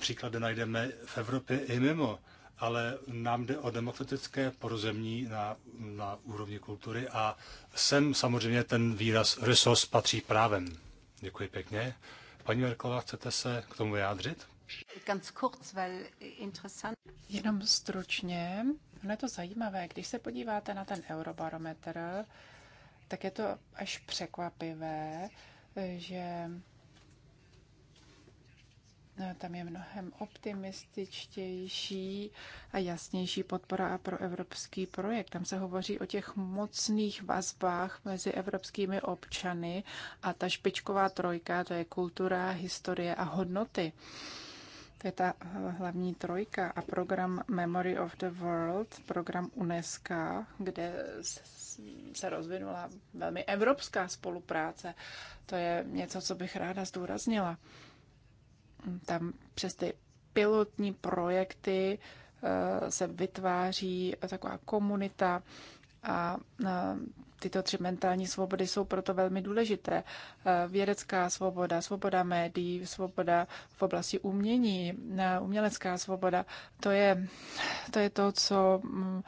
Příklady najdeme v Evropě i mimo, ale nám jde o demokratické porozemí na, na úrovni kultury a sem samozřejmě ten výraz resos patří právem. Děkuji pěkně. Paní Merklova, chcete se k tomu vyjádřit? Äh, Jenom stručně, ono je to zajímavé, když se podíváte na ten eurobarometr, tak je to až překvapivé, že eh, tam je mnohem optimističtější a jasnější podpora pro evropský projekt. Tam se hovoří o těch mocných vazbách mezi evropskými občany a ta špičková trojka, to je kultura, historie a hodnoty je ta eh, hlavní trojka a program Memory of the World, program UNESCO, kde se rozvinula velmi evropská spolupráce. To je něco, co bych ráda zdůraznila. Tam přes ty pilotní projekty eh, se vytváří taková komunita a tyto tři mentální svobody jsou proto velmi důležité. Vědecká svoboda, svoboda médií, svoboda v oblasti umění, umělecká svoboda, to je to, je to co mm,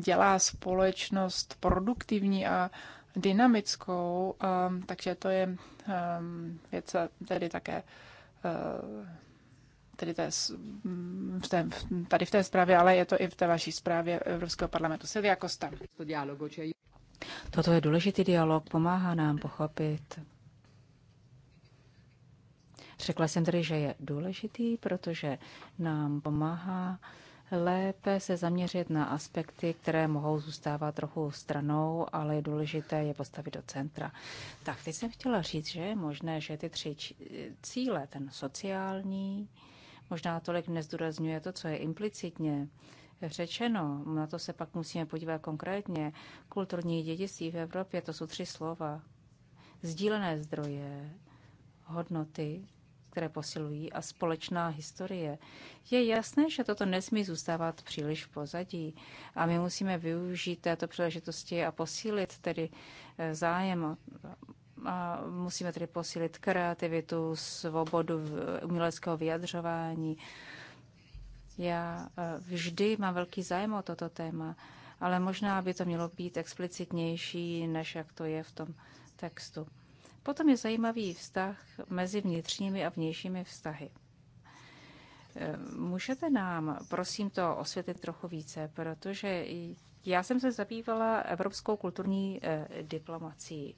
dělá společnost produktivní a dynamickou, takže to je věc tedy také tedy té, v té, tady v té zprávě, ale je to i v té vaší zprávě Evropského parlamentu. Silvia Kosta. Toto je důležitý dialog, pomáhá nám pochopit. Řekla jsem tedy, že je důležitý, protože nám pomáhá lépe se zaměřit na aspekty, které mohou zůstávat trochu stranou, ale je důležité je postavit do centra. Tak teď jsem chtěla říct, že je možné, že ty tři cíle, ten sociální, možná tolik nezdůrazňuje to, co je implicitně řečeno. Na to se pak musíme podívat konkrétně. Kulturní dědictví v Evropě, to jsou tři slova. Sdílené zdroje, hodnoty, které posilují, a společná historie. Je jasné, že toto nesmí zůstávat příliš v pozadí a my musíme využít této příležitosti a posílit tedy eh, zájem a musíme tedy posílit kreativitu, svobodu uměleckého vyjadřování. Já e, vždy mám velký zájem o toto téma, ale možná by to mělo být explicitnější, než jak to je v tom textu. Potom je zajímavý vztah mezi vnitřními a vnějšími vztahy. E, můžete nám, prosím, to osvětlit trochu více, protože já jsem se zabývala evropskou kulturní e, diplomací.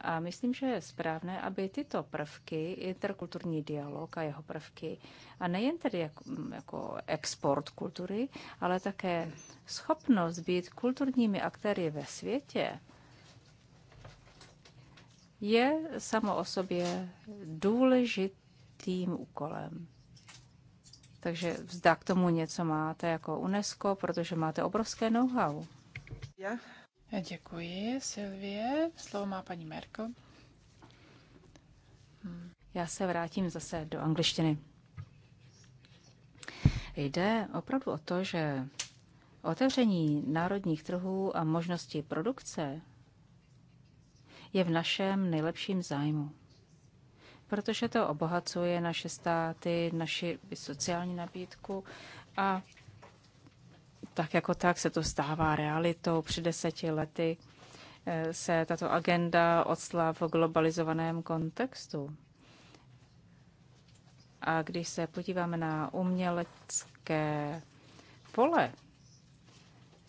A myslím, že je správné, aby tyto prvky, interkulturní dialog a jeho prvky, a nejen tedy jako, jako export kultury, ale také schopnost být kulturními aktéry ve světě, je samo o sobě důležitým úkolem. Takže vzda k tomu něco máte jako UNESCO, protože máte obrovské know-how. Yeah. Děkuji, Silvie. Slovo má paní Merkel. Hmm. Já se vrátím zase do angličtiny. Jde opravdu o to, že otevření národních trhů a možnosti produkce je v našem nejlepším zájmu, protože to obohacuje naše státy, naši sociální nabídku a tak jako tak se to stává realitou. Před deseti lety eh, se tato agenda odsla v globalizovaném kontextu. A když se podíváme na umělecké pole,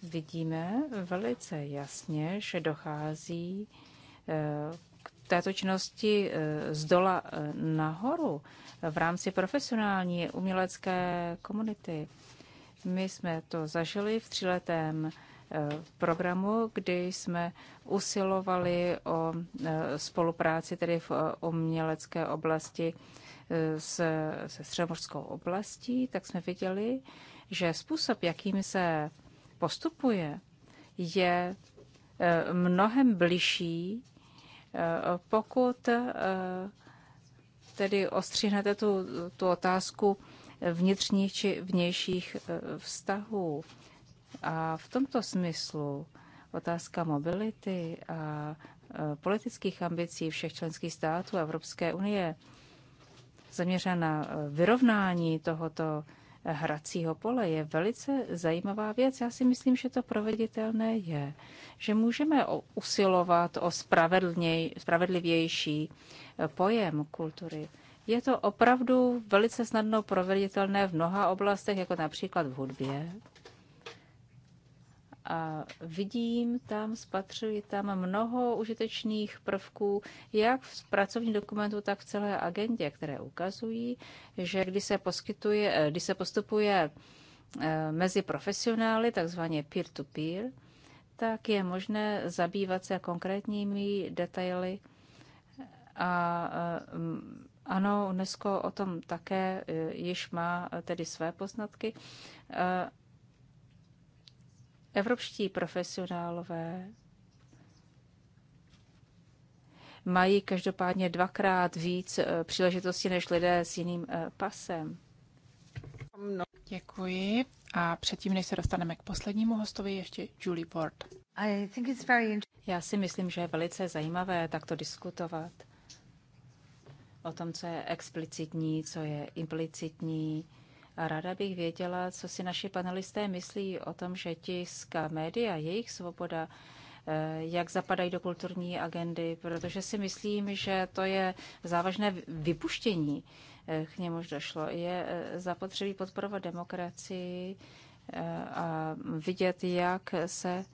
vidíme velice jasně, že dochází eh, k této činnosti eh, z dola nahoru v rámci profesionální umělecké komunity. My jsme to zažili v tříletém eh, programu, kdy jsme usilovali o eh, spolupráci tedy v eh, umělecké oblasti se, se středomorskou oblastí, tak jsme viděli, že způsob, jakým se postupuje, je mnohem bližší, pokud tedy ostříhnete tu, tu otázku vnitřních či vnějších e, vztahů. A v tomto smyslu otázka mobility a e, politických ambicí všech členských států Evropské unie zaměřena e, vyrovnání tohoto hracího pole je velice zajímavá věc. Já si myslím, že to proveditelné je, že můžeme usilovat o spravedlivější pojem kultury. Je to opravdu velice snadno proveditelné v mnoha oblastech, jako například v hudbě. A vidím tam, spatřuji tam mnoho užitečných prvků, jak v pracovním dokumentu, tak v celé agendě, které ukazují, že když se, poskytuje, když se postupuje eh, mezi profesionály, takzvaně peer-to-peer, tak je možné zabývat se konkrétními detaily a eh, ano, UNESCO o tom také e, již má e, tedy své poznatky. E, evropští profesionálové mají každopádně dvakrát víc příležitosti než lidé s jiným pasem. Děkuji. A předtím, než se dostaneme k poslednímu hostovi, ještě Julie Ward. Já si myslím, že je velice zajímavé takto diskutovat o tom, co je explicitní, co je implicitní. A ráda bych věděla, co si naši panelisté myslí o tom, že tisk a média, jejich svoboda, eh, jak zapadají do kulturní agendy, protože si myslím, že to je závažné vypuštění, eh, k němuž došlo. Je eh, zapotřebí podporovat demokracii a vidět, jak se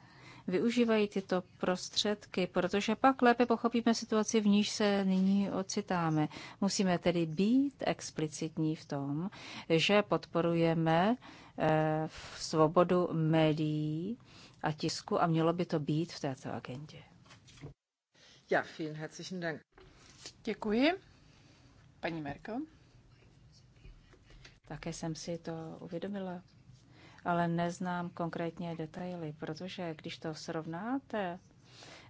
využívají tyto prostředky, protože pak lépe pochopíme situaci, v níž se nyní ocitáme. Musíme tedy být explicitní v tom, že podporujeme eh, svobodu médií a tisku a mělo by to být v této agendě. Ja, vielen herzlichen Dank. Děkuji. Paní Merkel. Také jsem si to uvědomila ale neznám konkrétně detaily, protože když to srovnáte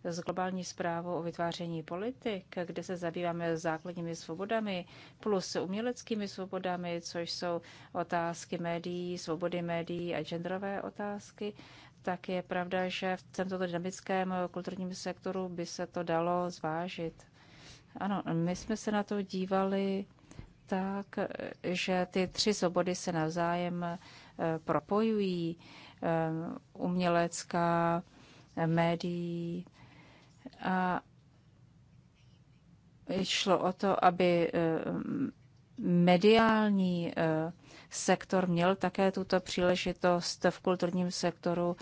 s globální zprávou o vytváření politik, kde se zabýváme základními svobodami plus uměleckými svobodami, což jsou otázky médií, svobody médií a genderové otázky, tak je pravda, že v tomto dynamickém kulturním sektoru by se to dalo zvážit. Ano, my jsme se na to dívali tak, že ty tři svobody se navzájem propojují eh, umělecká, médií. A šlo o to, aby eh, mediální eh, sektor měl také tuto příležitost v kulturním sektoru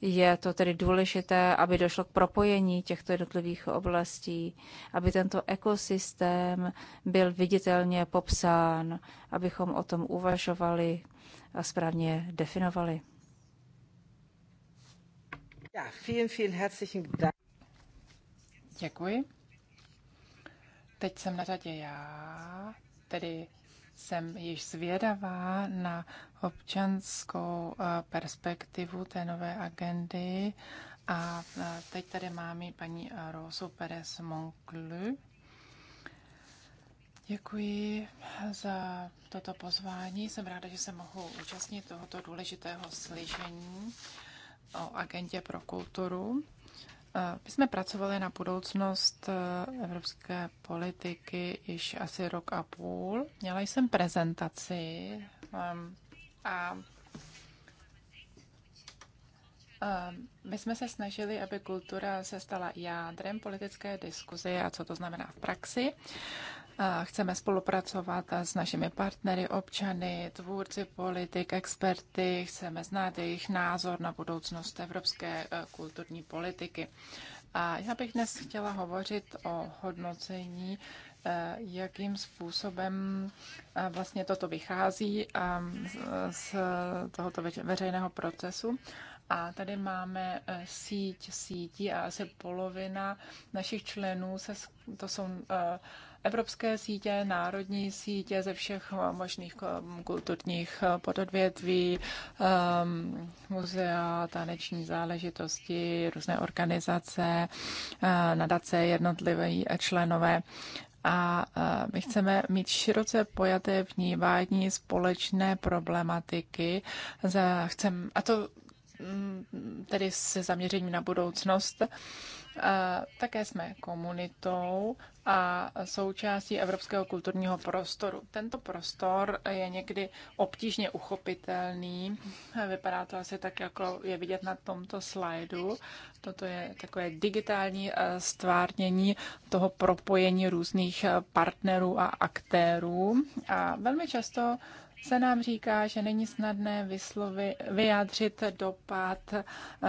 je to tedy důležité, aby došlo k propojení těchto jednotlivých oblastí, aby tento ekosystém byl viditelně popsán, abychom o tom uvažovali a správně definovali. Ja, vielen, vielen herzlichen Dank. Děkuji. Teď jsem na řadě já, tedy jsem již zvědavá na občanskou eh, perspektivu té nové agendy. A eh, teď tady máme paní eh, Rosu Perez Monclu. Děkuji za toto pozvání. Jsem ráda, že se mohu účastnit tohoto důležitého slyšení o agentě pro kulturu. My jsme pracovali na budoucnost eh, evropské politiky již asi rok a půl. Měla jsem prezentaci ehm, a ehm, my jsme se snažili, aby kultura se stala jádrem politické diskuze a co to znamená v praxi. Chceme spolupracovat s našimi partnery, občany, tvůrci politik, experty. Chceme znát jejich názor na budoucnost evropské e, kulturní politiky. A já bych dnes chtěla hovořit o hodnocení, e, jakým způsobem e, vlastně toto vychází z tohoto veřejného procesu. A tady máme e, síť sítí a asi polovina našich členů, se, to jsou e, evropské sítě, národní sítě ze všech e, možných kulturních pododvětví, muzea, taneční záležitosti, různé organizace, nadace, jednotlivé členové a my chceme mít široce pojaté vnívání společné problematiky. chcem, a to tedy se zaměřením na budoucnost. Také jsme komunitou a součástí evropského kulturního prostoru. Tento prostor je někdy obtížně uchopitelný. Vypadá to asi tak, jako je vidět na tomto slajdu. Toto je takové digitální eh, stvárnění toho propojení různých partnerů a aktérů. A velmi často se nám říká, že není snadné vyslovi, vyjádřit dopad eh,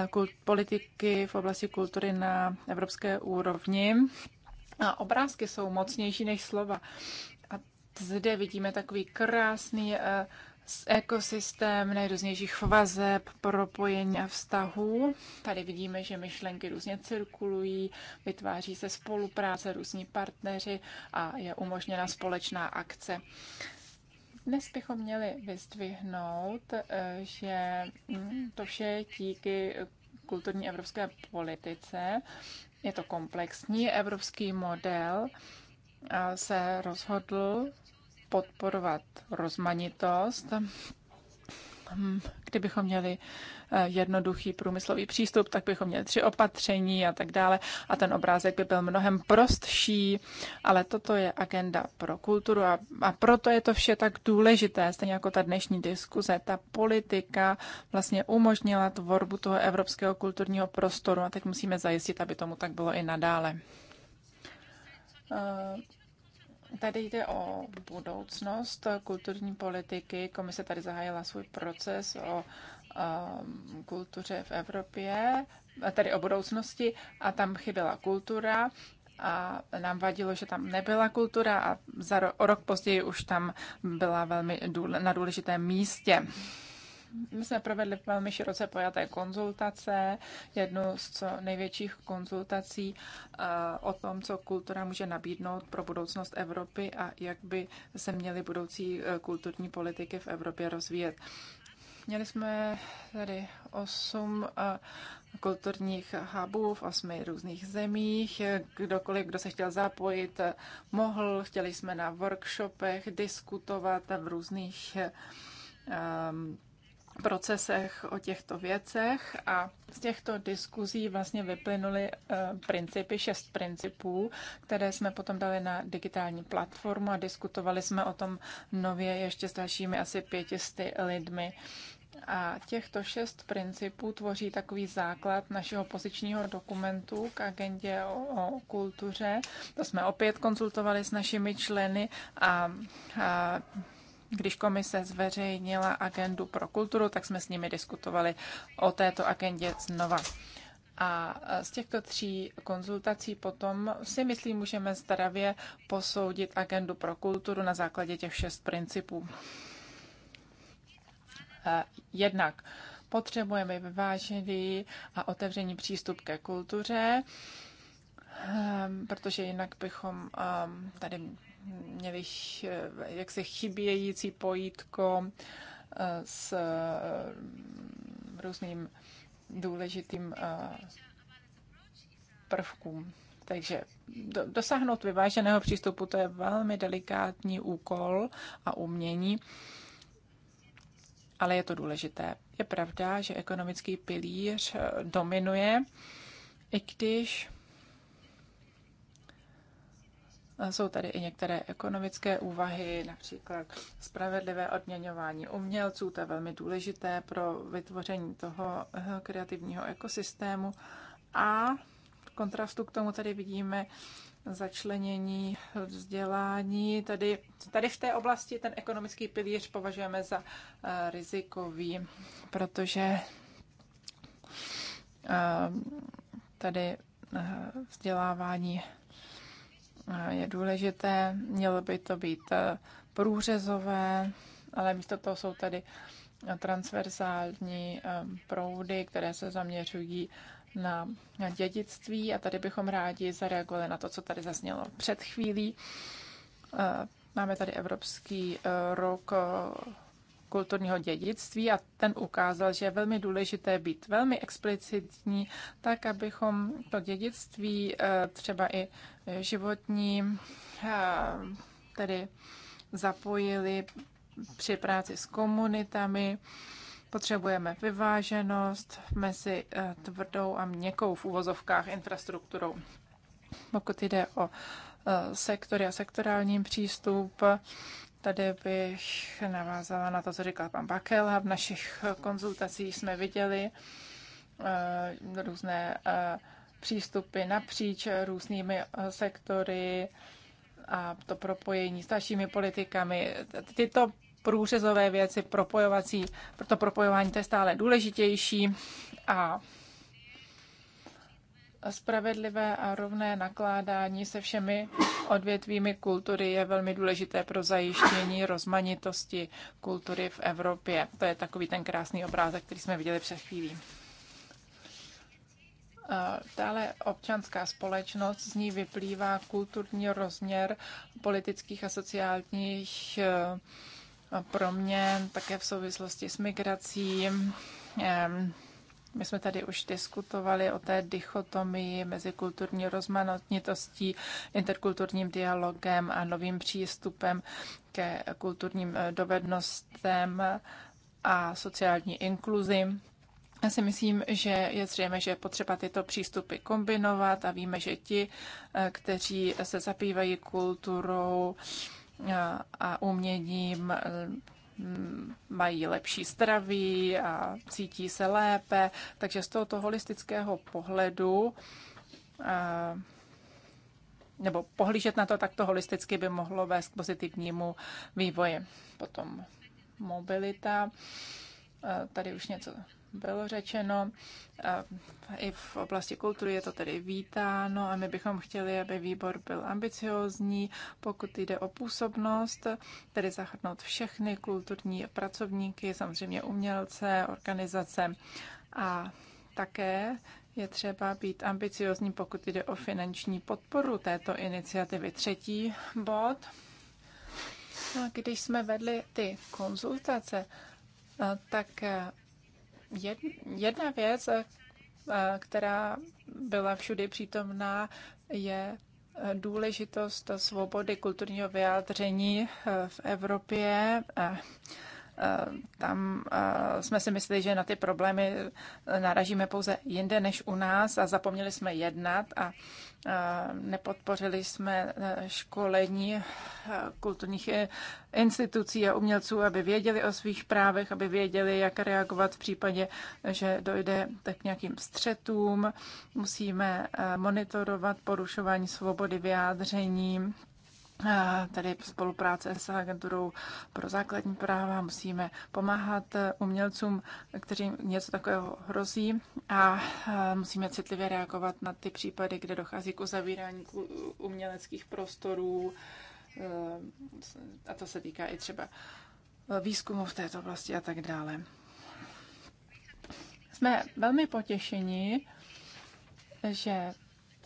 kult, politiky v oblasti kultury na evropské úrovni. A obrázky jsou mocnější než slova. A zde vidíme takový krásný eh, ekosystém nejrůznějších vazeb, propojení a vztahů. Tady vidíme, že myšlenky různě cirkulují, vytváří se spolupráce, různí partneři a je umožněna společná akce. Dnes bychom měli vyzdvihnout, eh, že mm, to vše je díky kulturní evropské politice. Je to komplexní evropský model, se rozhodl podporovat rozmanitost Hm, kdybychom měli eh, jednoduchý průmyslový přístup, tak bychom měli tři opatření a tak dále. A ten obrázek by byl mnohem prostší, ale toto je agenda pro kulturu a, a proto je to vše tak důležité, stejně jako ta dnešní diskuze. Ta politika vlastně umožnila tvorbu toho evropského kulturního prostoru a teď musíme zajistit, aby tomu tak bylo i nadále. Uh, Tady jde o budoucnost kulturní politiky. Komise tady zahájila svůj proces o um, kultuře v Evropě, tady o budoucnosti a tam chyběla kultura a nám vadilo, že tam nebyla kultura a za ro- rok později už tam byla velmi důle- na důležitém místě. My jsme provedli velmi široce pojaté konzultace, jednu z co největších konzultací eh, o tom, co kultura může nabídnout pro budoucnost Evropy a jak by se měly budoucí eh, kulturní politiky v Evropě rozvíjet. Měli jsme tady osm eh, kulturních hubů v osmi různých zemích. Kdokoliv, kdo se chtěl zapojit, mohl. Chtěli jsme na workshopech diskutovat v různých um, procesech o těchto věcech a z těchto diskuzí vlastně vyplynuly eh, principy, šest principů, které jsme potom dali na digitální platformu a diskutovali jsme o tom nově ještě s dalšími asi pětisty lidmi. A těchto šest principů tvoří takový základ našeho pozičního dokumentu k agendě o, o kultuře. To jsme opět konzultovali s našimi členy a, a když komise zveřejnila agendu pro kulturu, tak jsme s nimi diskutovali o této agendě znova. A z těchto tří konzultací potom si myslím, můžeme zdravě posoudit agendu pro kulturu na základě těch šest principů. Eh, jednak potřebujeme vyvážený a otevřený přístup ke kultuře, eh, protože jinak bychom eh, tady nevyš, eh, jak se chybějící pojítko eh, s eh, různým důležitým prvkům. Takže dosáhnout vyváženého přístupu, to je velmi delikátní úkol a umění, ale je to důležité. Je pravda, že ekonomický pilíř dominuje, i když jsou tady i některé ekonomické úvahy, například spravedlivé odměňování umělců, to je velmi důležité pro vytvoření toho eh, kreativního ekosystému. A v kontrastu k tomu tady vidíme začlenění vzdělání. Tady, tady v té oblasti ten ekonomický pilíř považujeme za eh, rizikový, protože eh, tady vzdělávání Eh, je důležité. Mělo by to být eh, průřezové, ale místo toho jsou tady eh, transverzální proudy, které se zaměřují na, dědictví a tady bychom rádi zareagovali na to, co tady zaznělo před chvílí. Máme tady Evropský rok kulturního dědictví a ten ukázal, že je velmi důležité být velmi explicitní, tak abychom to dědictví, eh, třeba i životní, eh, tedy zapojili při práci s komunitami. Potřebujeme vyváženost mezi eh, tvrdou a měkkou v uvozovkách infrastrukturou. Pokud jde o sektory a sektorální přístup, Tady bych navázala na to, co říkal pan a V našich konzultacích jsme viděli eh, různé eh, přístupy napříč různými eh, sektory a to propojení s dalšími politikami. Tyto průřezové věci, propojovací, proto propojování to je stále důležitější a spravedlivé a rovné nakládání se všemi odvětvími kultury je velmi důležité pro zajištění rozmanitosti kultury v Evropě. To je takový ten krásný obrázek, který jsme viděli před chvílí. Dále občanská společnost, z ní vyplývá kulturní rozměr politických a sociálních eh, proměn, také v souvislosti s migrací, my jsme tady už diskutovali o té dichotomii mezi kulturní rozmanitostí, interkulturním dialogem a novým přístupem ke kulturním eh, dovednostem a sociální inkluzi. Já si myslím, že je zřejmé, že je potřeba tyto přístupy kombinovat a víme, že ti, eh, kteří se zabývají kulturou eh, a uměním, Mm, mají lepší zdraví a cítí se lépe. Takže z tohoto holistického pohledu nebo pohlížet na to takto holisticky by mohlo vést k pozitivnímu vývoji. Potom mobilita. Tady už něco bylo řečeno. I v oblasti kultury je to tedy vítáno a my bychom chtěli, aby výbor byl ambiciózní, pokud jde o působnost, tedy zahrnout všechny kulturní pracovníky, samozřejmě umělce, organizace a také je třeba být ambiciozní, pokud jde o finanční podporu této iniciativy. Třetí bod. Když jsme vedli ty konzultace, tak Jedna věc, eh, která byla všudy přítomná, je eh, důležitost svobody kulturního vyjádření eh, v Evropě. Tam jsme si mysleli, že na ty problémy naražíme pouze jinde než u nás a zapomněli jsme jednat a Eh, nepodpořili jsme eh, školení eh, kulturních institucí a umělců, aby věděli o svých právech, aby věděli, jak reagovat v případě, že dojde tak nějakým střetům. Musíme monitorovat porušování svobody vyjádření tady spolupráce s agenturou pro základní práva. Musíme pomáhat eh, umělcům, kterým něco takového hrozí a eh, musíme citlivě reagovat na ty případy, kde dochází k uzavírání uměleckých prostorů eh, a to se týká i třeba výzkumu v této oblasti a tak dále. Jsme velmi potěšeni, že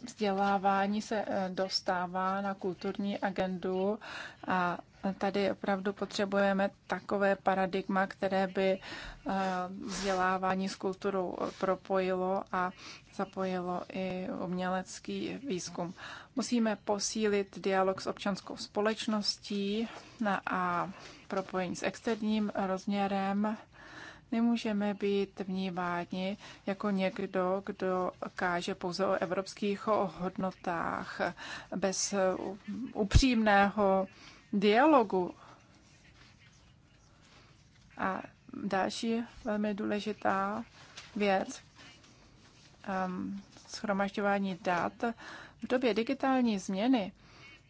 vzdělávání se eh, dostává na kulturní agendu a tady opravdu potřebujeme takové paradigma, které by eh, vzdělávání s kulturou eh, propojilo a zapojilo i umělecký výzkum. Musíme posílit dialog s občanskou společností a propojení s externím rozměrem Nemůžeme být vnímáni jako někdo, kdo káže pouze o evropských hodnotách bez upřímného dialogu. A další velmi důležitá věc, um, schromažďování dat. V době digitální změny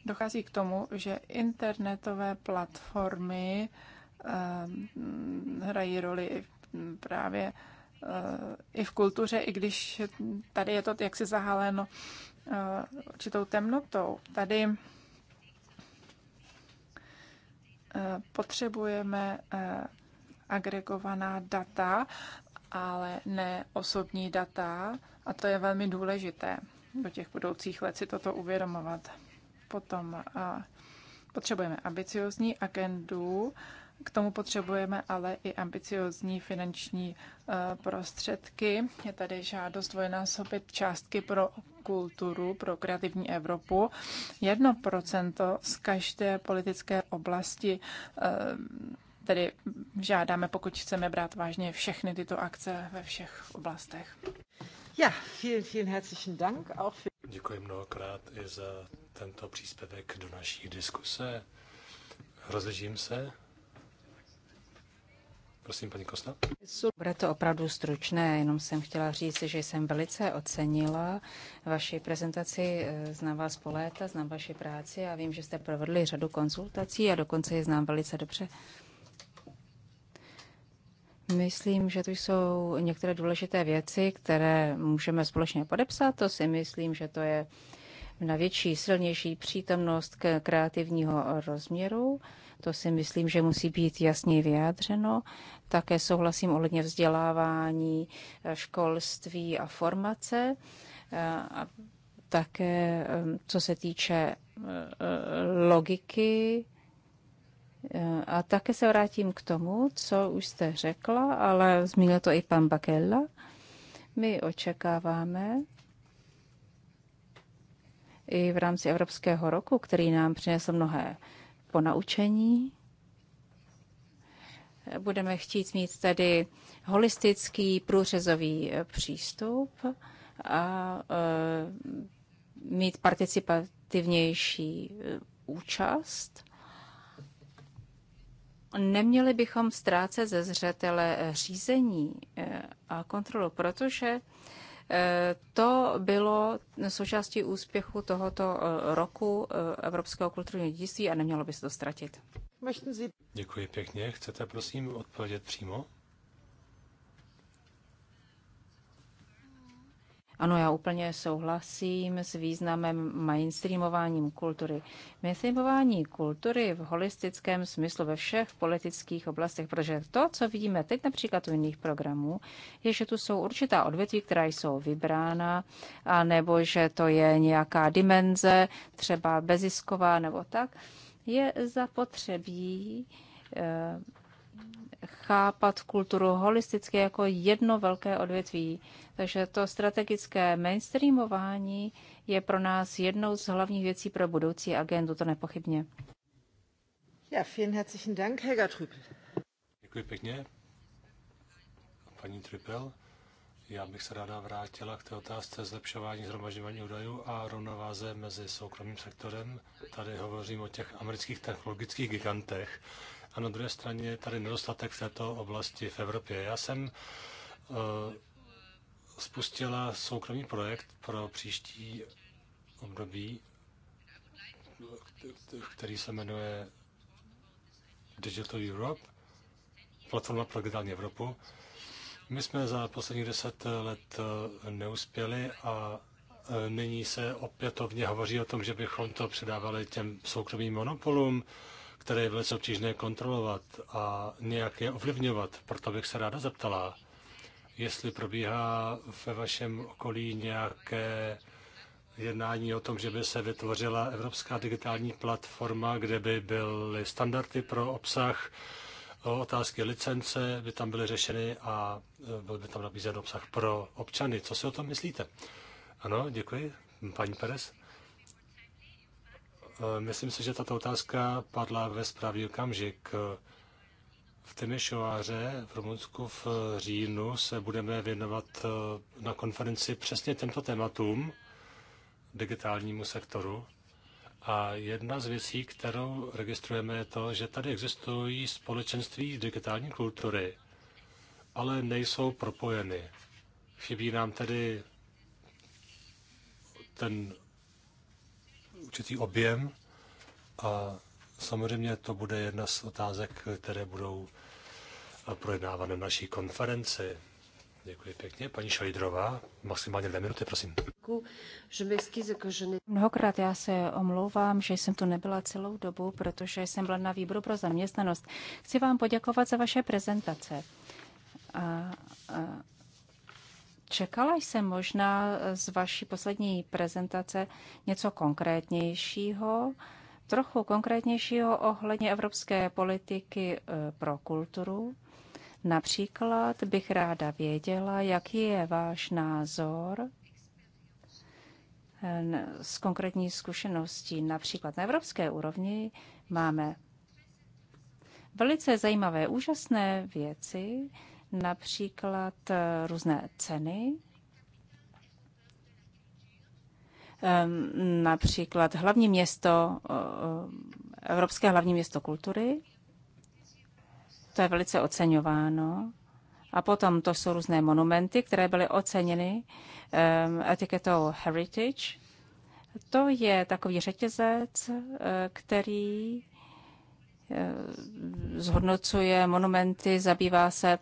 dochází k tomu, že internetové platformy uh, Eh, hrají roli právě eh, i v kultuře, i když tady je to jaksi zahaleno eh, určitou temnotou. Tady potřebujeme agregovaná data, ale ne osobní data a to je velmi důležité do těch budoucích let si toto uvědomovat. Potom potřebujeme ambiciozní agendu, k tomu potřebujeme ale i ambiciozní finanční eh, prostředky. Je tady žádost dvojnásobit částky pro kulturu, pro kreativní Evropu. Jedno procento z každé politické oblasti eh, tedy žádáme, pokud chceme brát vážně všechny tyto akce ve všech oblastech. Ja, vielen, vielen herzlichen Dank auch für... Děkuji mnohokrát i za tento příspěvek do naší diskuse. Rozležím se Prosím, paní Kosta. Bude to opravdu stručné, jenom jsem chtěla říct, že jsem velice ocenila vaši prezentaci, eh, znám vás po léta, znám vaši práci a vím, že jste provedli řadu konzultací a dokonce je znám velice dobře. Myslím, že tu jsou některé důležité věci, které můžeme společně podepsat. To si myslím, že to je na větší, silnější přítomnost kreativního rozměru. To si myslím, že musí být jasně vyjádřeno. Také souhlasím ohledně vzdělávání, eh, školství a formace. Eh, a také eh, co se týče logiky. A také se vrátím k tomu, co už jste řekla, ale zmínil to i pan Bakella. My očekáváme i v rámci Evropského roku, který nám přinesl mnohé po naučení. Budeme chtít mít tedy holistický průřezový eh, přístup a eh, mít participativnější eh, účast. Neměli bychom ztrácet ze zřetele řízení a kontrolu, protože Eh, to bylo součástí úspěchu tohoto eh, roku eh, Evropského kulturního dědictví a nemělo by se to ztratit. Děkuji pěkně. Chcete prosím odpovědět přímo? Ano, já úplně souhlasím s významem mainstreamováním kultury. Mainstreamování kultury v holistickém smyslu ve všech politických oblastech, protože to, co vidíme teď například u jiných programů, je, že tu jsou určitá odvětví, která jsou vybrána, a nebo že to je nějaká dimenze, třeba bezisková nebo tak, je zapotřebí eh, chápat kulturu holisticky jako jedno velké odvětví. Takže to strategické mainstreamování je pro nás jednou z hlavních věcí pro budoucí agendu, to nepochybně. Ja, vielen herzlichen Dank, Helga Trüppel. Děkuji pěkně. Paní Trüppel, já bych se ráda vrátila k té otázce zlepšování zhromažďování údajů a rovnováze mezi soukromým sektorem. Tady hovořím o těch amerických technologických gigantech a na druhé straně je tady nedostatek v této oblasti v Evropě. Já jsem eh, spustila soukromý projekt pro příští období, který se jmenuje Digital Europe, platforma pro digitální Evropu. My jsme za posledních deset let eh, neuspěli a eh, nyní se opětovně hovoří o tom, že bychom to předávali těm soukromým monopolům které je velice obtížné kontrolovat a nějak je ovlivňovat. Proto bych se ráda zeptala, jestli probíhá ve vašem okolí nějaké jednání o tom, že by se vytvořila evropská digitální platforma, kde by byly standardy pro obsah, otázky licence by tam byly řešeny a e, byl by tam nabízen obsah pro občany. Co si o tom myslíte? Ano, děkuji. Paní Perez? Eh, myslím si, že tato otázka padla ve správný okamžik. V Temešoáře v Rumunsku v říjnu se budeme věnovat eh, na konferenci přesně těmto tématům, digitálnímu sektoru. A jedna z věcí, kterou registrujeme, je to, že tady existují společenství digitální kultury, ale nejsou propojeny. Chybí nám tedy ten určitý objem a samozřejmě to bude jedna z otázek, které budou eh, projednávány na naší konferenci. Děkuji pěkně. Paní Šajdrová, maximálně dvě minuty, prosím. Mnohokrát já se omlouvám, že jsem tu nebyla celou dobu, protože jsem byla na výboru pro zaměstnanost. Chci vám poděkovat za vaše prezentace. A, a Čekala jsem možná eh, z vaší poslední prezentace něco konkrétnějšího, trochu konkrétnějšího ohledně evropské politiky eh, pro kulturu. Například bych ráda věděla, jaký je váš názor eh, s konkrétní zkušeností. Například na evropské úrovni máme velice zajímavé, úžasné věci, například eh, různé ceny, například hlavní město, Evropské hlavní město kultury, to je velice oceňováno. A potom to jsou různé monumenty, které byly oceněny etiketou Heritage. To je takový řetězec, eh, který Eh, zhodnocuje monumenty, zabývá se eh,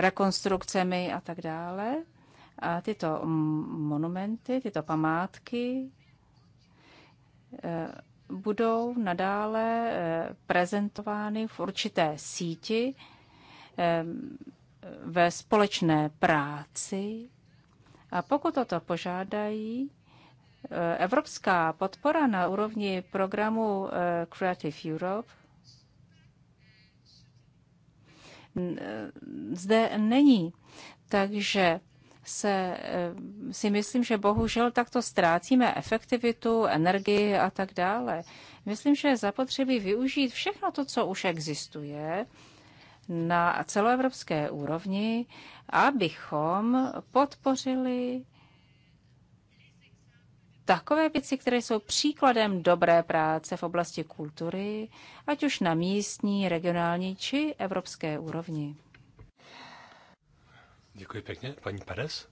rekonstrukcemi a tak dále. A tyto monumenty, tyto památky eh, budou nadále prezentovány v určité síti ve společné práci. A pokud o to požádají, Evropská podpora na úrovni programu eh, Creative Europe eh, zde není. Takže se, eh, si myslím, že bohužel takto ztrácíme efektivitu, energii a tak dále. Myslím, že je zapotřebí využít všechno to, co už existuje na celoevropské úrovni, abychom podpořili takové věci, které jsou příkladem dobré práce v oblasti kultury, ať už na místní, regionální či evropské úrovni. Děkuji pěkně. Paní Perez?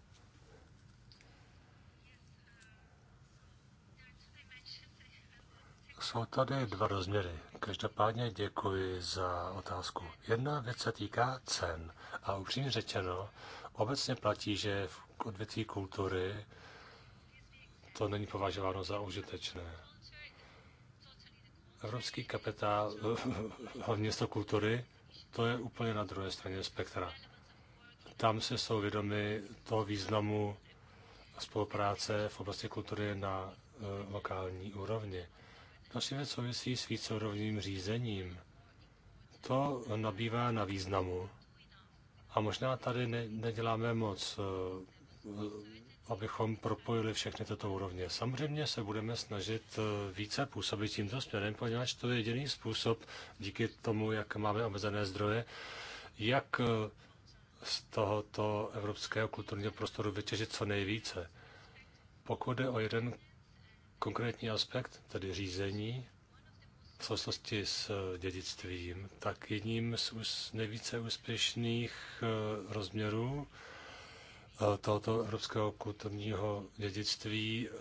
Jsou tady dva rozměry. Každopádně děkuji za otázku. Jedna věc se týká cen. A upřímně řečeno, obecně platí, že v odvětví kultury to není považováno za užitečné. Evropský kapitál, město kultury, to je úplně na druhé straně spektra. Tam se jsou vědomi toho významu spolupráce v oblasti kultury na eh, lokální úrovni. Další věc souvisí s víceúrovním řízením. To nabývá na významu. A možná tady ne, neděláme moc. Eh, abychom propojili všechny tyto úrovně. Samozřejmě se budeme snažit eh, více působit tímto směrem, poněvadž to je jediný způsob, díky tomu, jak máme omezené zdroje, jak eh, z tohoto evropského kulturního prostoru vytěžit co nejvíce. Pokud jde o jeden konkrétní aspekt, tedy řízení, v souvislosti s eh, dědictvím, tak jedním z nejvíce úspěšných rozměrů tohoto evropského kulturního dědictví eh,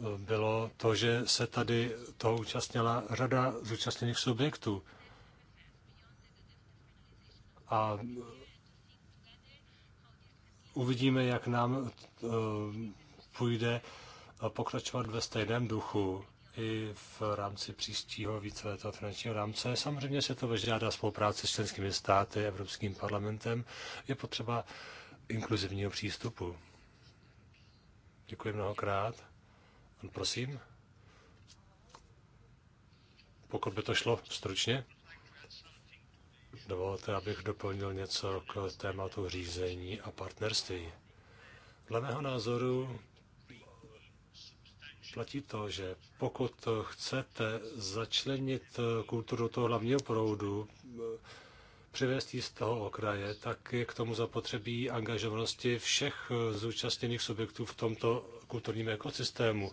eh, bylo to, že se tady toho účastnila řada zúčastněných subjektů. A eh, uvidíme, jak nám půjde pokračovat ve stejném duchu i v rámci příštího víceletého finančního rámce. Samozřejmě se to vyžádá spolupráce s členskými státy, Evropským parlamentem. Je potřeba inkluzivního přístupu. Děkuji mnohokrát. Prosím. Pokud by to šlo stručně, dovolte, abych doplnil něco k tématu řízení a partnerství. Dle mého názoru platí to, že pokud chcete začlenit kulturu toho hlavního proudu, přivést ji z toho okraje, tak je k tomu zapotřebí angažovanosti všech eh, zúčastněných subjektů v tomto kulturním ekosystému,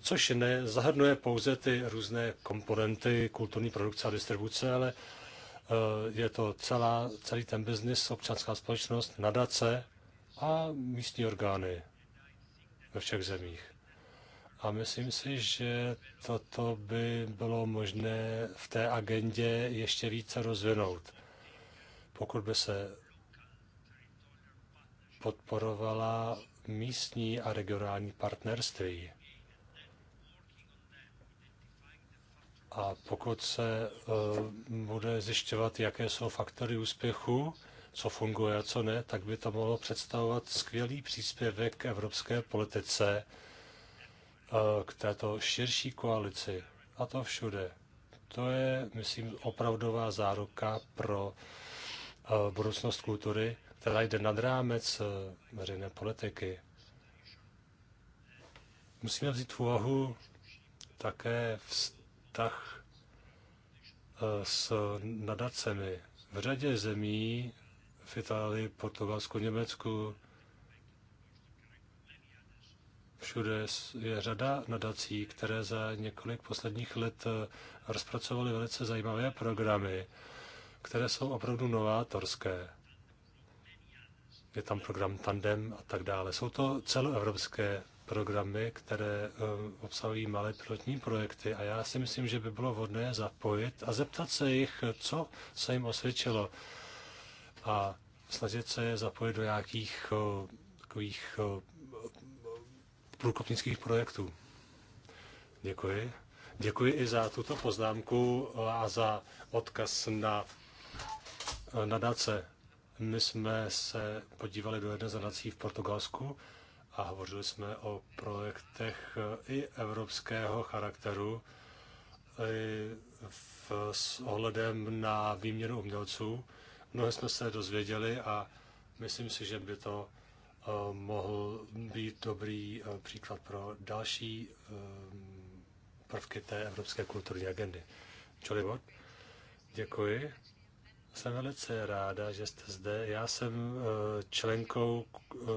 což ne, zahrnuje pouze ty různé komponenty kulturní produkce a distribuce, ale eh, je to celá, celý ten biznis, občanská společnost, nadace a místní orgány ve všech zemích. A myslím si, že toto by bylo možné v té agendě ještě více rozvinout pokud by se podporovala místní a regionální partnerství. A pokud se uh, bude zjišťovat, jaké jsou faktory úspěchu, co funguje a co ne, tak by to mohlo představovat skvělý příspěvek k evropské politice uh, k této širší koalici. A to všude. To je, myslím, opravdová záruka pro uh, budoucnost kultury, která jde nad rámec eh, veřejné politiky. Musíme vzít v úvahu také vztah eh, s nadacemi. V řadě zemí v Itálii, Portugalsku, Německu, všude je řada nadací, které za několik posledních let eh, rozpracovaly velice zajímavé programy které jsou opravdu novátorské. Je tam program Tandem a tak dále. Jsou to celoevropské programy, které eh, obsahují malé pilotní projekty a já si myslím, že by bylo vhodné zapojit a zeptat se jich, co se jim osvědčilo a snažit se je zapojit do nějakých eh, takových eh, průkopnických projektů. Děkuji. Děkuji i za tuto poznámku a za odkaz na nadace. My jsme se podívali do jedné z nadací v Portugalsku a hovořili jsme o projektech eh, i evropského charakteru i eh, v, s ohledem na výměnu umělců. Mnohé jsme se dozvěděli a myslím si, že by to eh, mohl být dobrý příklad pro další prvky té evropské kulturní agendy. Čili Děkuji. Jsem velice ráda, že jste zde. Já jsem eh, členkou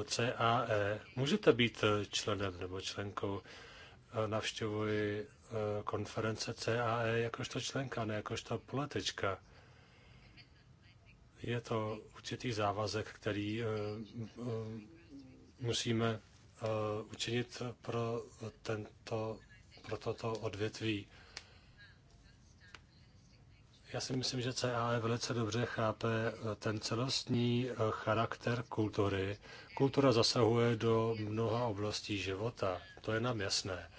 CAE. Můžete být eh, členem nebo členkou. Eh, navštěvuji konference CAE jakožto členka, ne jakožto poletečka. Je to určitý závazek, který musíme učinit pro, tento, pro toto odvětví. Já si myslím, že CAE velice dobře chápe eh, ten celostní eh, charakter kultury. Kultura zasahuje do mnoha oblastí života, to je nám jasné.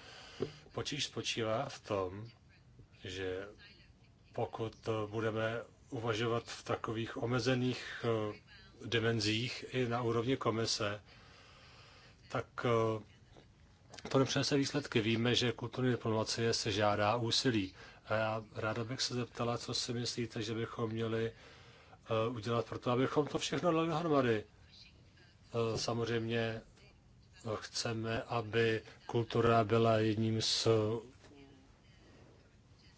Počíš spočívá v tom, že pokud eh, budeme uvažovat v takových omezených dimenzích i na úrovni komise, tak to nepřinese výsledky. Víme, že kulturní diplomacie se žádá úsilí. A já ráda bych se zeptala, co si myslíte, že bychom měli eh, udělat pro to, abychom to všechno dali dohromady. Eh, samozřejmě eh, chceme, aby kultura byla jedním z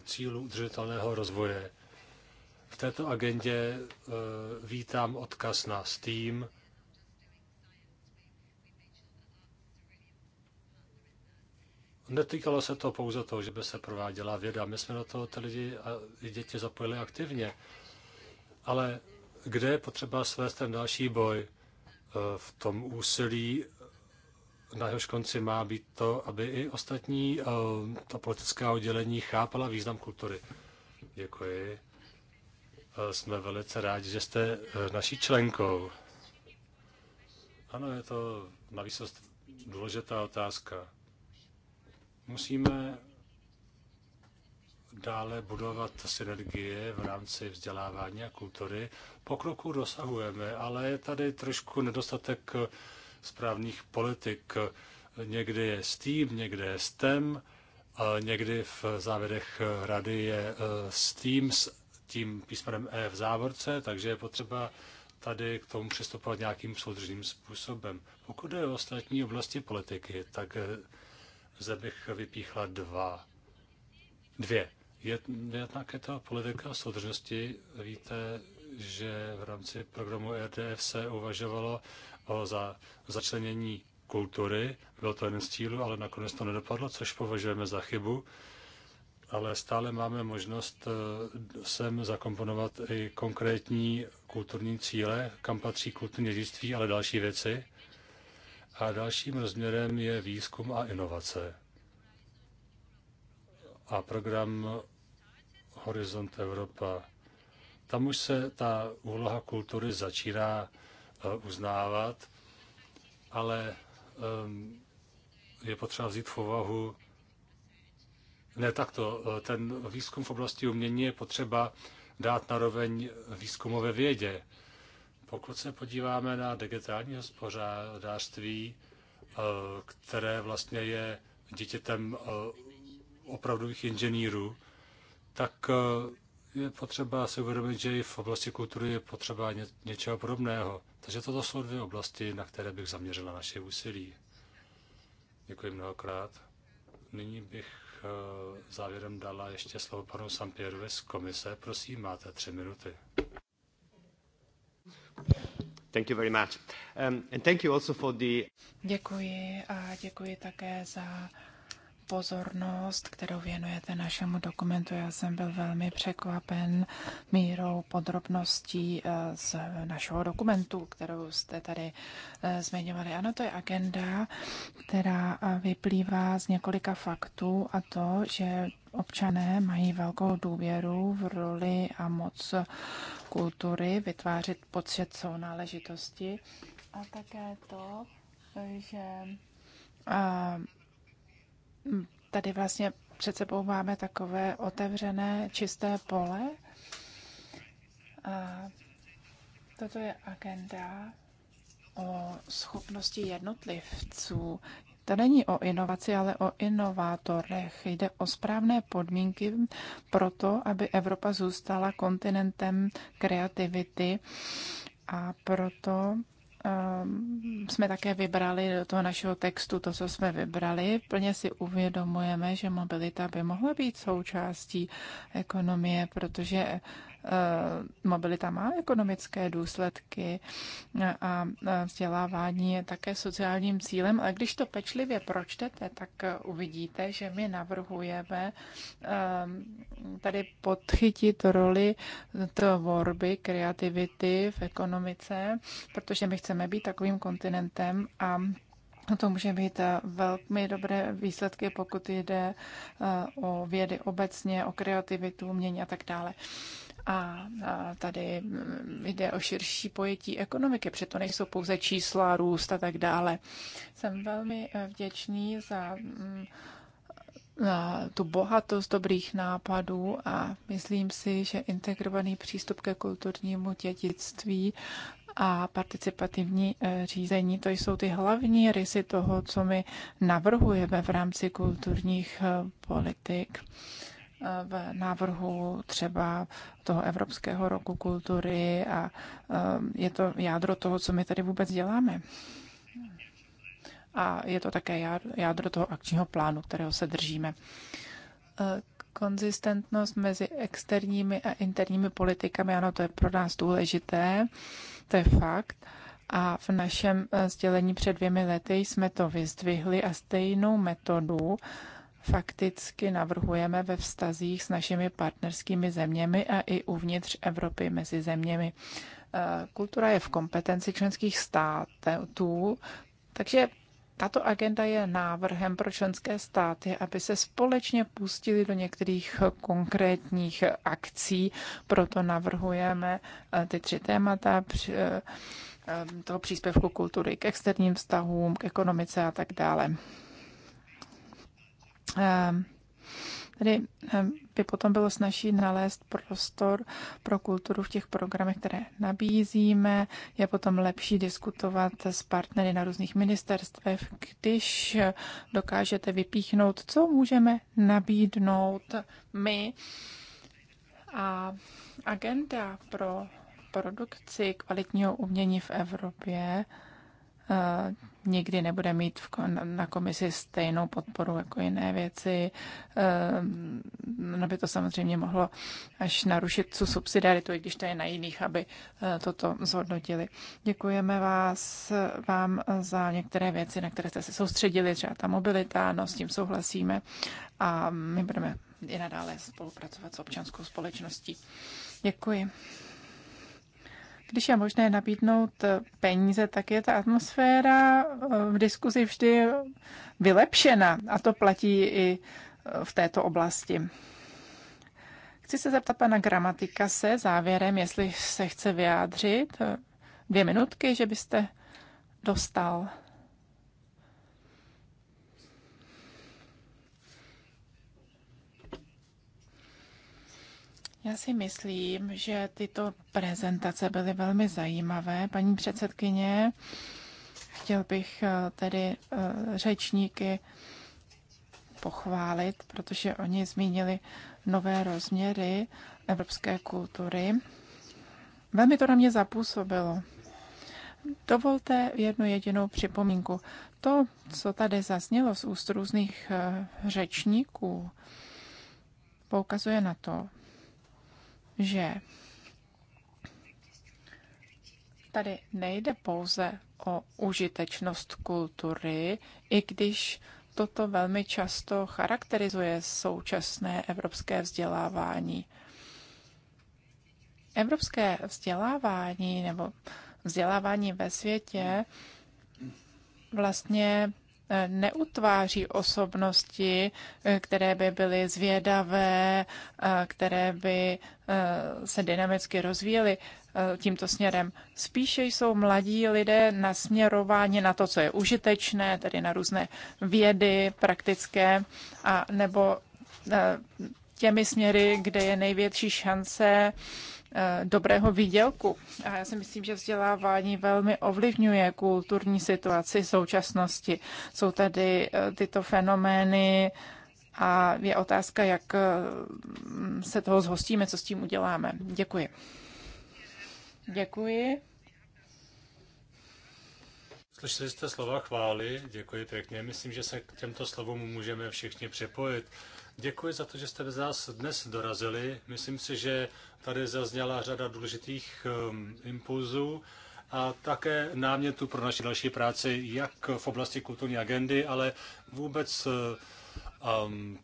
cílů udržitelného rozvoje. V této agendě vítám odkaz na STEAM, Netýkalo se to pouze toho, že by se prováděla věda. My jsme do toho ty lidi a děti zapojili aktivně. Ale kde je potřeba svést ten další boj eh, v tom úsilí, na jehož konci má být to, aby i ostatní eh, ta politická oddělení chápala význam kultury. Děkuji. Eh, jsme velice rádi, že jste naší členkou. Ano, je to výsost důležitá otázka. Musíme dále budovat synergie v rámci vzdělávání a kultury. Pokroku dosahujeme, ale je tady trošku nedostatek správných politik. Někdy je STEAM, někde je STEM, někdy v závěrech rady je e, STEAM s tím písmenem E v závorce, takže je potřeba tady k tomu přistupovat nějakým soudržným způsobem. Pokud je o ostatní oblasti politiky, tak e, zde bych vypíchla dva. Dvě. Jednak je to politika soudržnosti. Víte, že v rámci programu RDF e se uvažovalo o za, začlenění kultury. Byl to jeden z cílů, ale nakonec to nedopadlo, což považujeme za chybu. Ale stále máme možnost eh, sem zakomponovat i konkrétní kulturní cíle, kam patří kulturní dědictví, ale další věci. A dalším rozměrem je výzkum a inovace. A program Horizont Evropa. Tam už se ta úloha kultury začíná eh, uznávat, ale ehm, je potřeba vzít v úvahu ne takto. Eh, ten výzkum v oblasti umění je potřeba dát naroveň výzkumové vědě. Pokud se podíváme na digitální hospodářství, eh, které vlastně je dítětem eh, opravdových inženýrů, tak eh, je potřeba se uvědomit, že i v oblasti kultury je potřeba ně, něčeho podobného. Takže toto jsou dvě oblasti, na které bych zaměřila naše úsilí. Děkuji mnohokrát. Nyní bych závěrem dala ještě slovo panu Sampierovi z komise. Prosím, máte tři minuty. Thank you very much. Um, and thank you also for the... Děkuji a děkuji také za pozornost, kterou věnujete našemu dokumentu. Já jsem byl velmi překvapen mírou podrobností eh, z našeho dokumentu, kterou jste tady eh, zmiňovali. Ano, to je agenda, která eh, vyplývá z několika faktů a to, že občané mají velkou důvěru v roli a moc kultury vytvářet pocit sounáležitosti a také to, že tady vlastně před sebou máme takové otevřené čisté pole. A toto je agenda o schopnosti jednotlivců. To není o inovaci, ale o inovátorech. Jde o správné podmínky pro to, aby Evropa zůstala kontinentem kreativity a proto Ehm, jsme také vybrali do toho našeho textu to, co jsme vybrali. Plně si uvědomujeme, že mobilita by mohla být součástí ekonomie, protože Eh, mobilita má ekonomické důsledky eh, a eh, vzdělávání je také sociálním cílem, ale když to pečlivě pročtete, tak uvidíte, že my navrhujeme tady podchytit roli tvorby, kreativity v ekonomice, protože my chceme být takovým kontinentem a to může být velmi dobré výsledky, pokud jde o vědy obecně, o kreativitu, umění a tak dále. A tady mm, jde o širší pojetí ekonomiky, to nejsou pouze čísla, růst a tak dále. Jsem velmi eh, vděčný mm, za tu bohatost dobrých nápadů a myslím si, že integrovaný přístup ke kulturnímu dědictví a participativní eh, řízení, to jsou ty hlavní rysy toho, co my navrhujeme v rámci kulturních eh, politik v návrhu třeba toho Evropského roku kultury a um, je to jádro toho, co my tady vůbec děláme. A je to také jádro toho akčního plánu, kterého se držíme. E, konzistentnost mezi externími a interními politikami, ano, to je pro nás důležité, to je fakt. A v našem e, sdělení před dvěmi lety jsme to vyzdvihli a stejnou metodu uh, fakticky navrhujeme ve vztazích s našimi partnerskými zeměmi a i uvnitř Evropy mezi zeměmi. E, kultura je v kompetenci členských států, takže tato agenda je návrhem pro členské státy, aby se společně pustili do některých konkrétních akcí. Proto navrhujeme e, ty tři témata e, toho příspěvku kultury k externím vztahům, k ekonomice a tak dále. Ehm, Tady ehm, by potom bylo snaží nalézt prostor pro kulturu v těch programech, které nabízíme. Je potom lepší diskutovat s partnery na různých ministerstvech, když dokážete vypíchnout, co můžeme nabídnout my. A agenda pro produkci kvalitního umění v Evropě eh, nikdy nebude mít v, na komisi stejnou podporu jako jiné věci. No by to samozřejmě mohlo až narušit tu subsidiaritu, i když to je na jiných, aby eh, toto zhodnotili. Děkujeme vás, vám za některé věci, na které jste se soustředili, třeba ta mobilita, no s tím souhlasíme a my budeme i nadále spolupracovat s občanskou společností. Děkuji. Když je možné nabídnout eh, peníze, tak je ta atmosféra eh, v diskuzi vždy vylepšena a to platí i eh, v této oblasti. Chci se zeptat pana gramatika se závěrem, jestli se chce vyjádřit. Dvě minutky, že byste dostal. Já si myslím, že tyto prezentace byly velmi zajímavé. Paní předsedkyně, chtěl bych eh, tedy eh, řečníky pochválit, protože oni zmínili nové rozměry evropské kultury. Velmi to na mě zapůsobilo. Dovolte jednu jedinou připomínku. To, co tady zaznělo z úst různých eh, řečníků, poukazuje na to, že tady nejde pouze o užitečnost kultury, i když toto velmi často charakterizuje současné evropské vzdělávání. Evropské vzdělávání nebo vzdělávání ve světě vlastně neutváří osobnosti, které by byly zvědavé, které by e, se dynamicky rozvíjely e, tímto směrem. Spíše jsou mladí lidé nasměrováni na to, co je užitečné, tedy na různé vědy praktické, a nebo e, těmi směry, kde je největší šance Eh, dobrého výdělku. A já si myslím, že vzdělávání velmi ovlivňuje kulturní situaci současnosti. Jsou tady eh, tyto fenomény a je otázka, jak eh, se toho zhostíme, co s tím uděláme. Děkuji. Děkuji. Slyšeli jste slova chvály, děkuji pěkně. Myslím, že se k těmto slovům můžeme všichni připojit. Děkuji za to, že jste z nás dnes dorazili. Myslím si, že tady zazněla řada důležitých um, impulzů a také námětu pro naši další práci, jak v oblasti kulturní agendy, ale vůbec uh, um,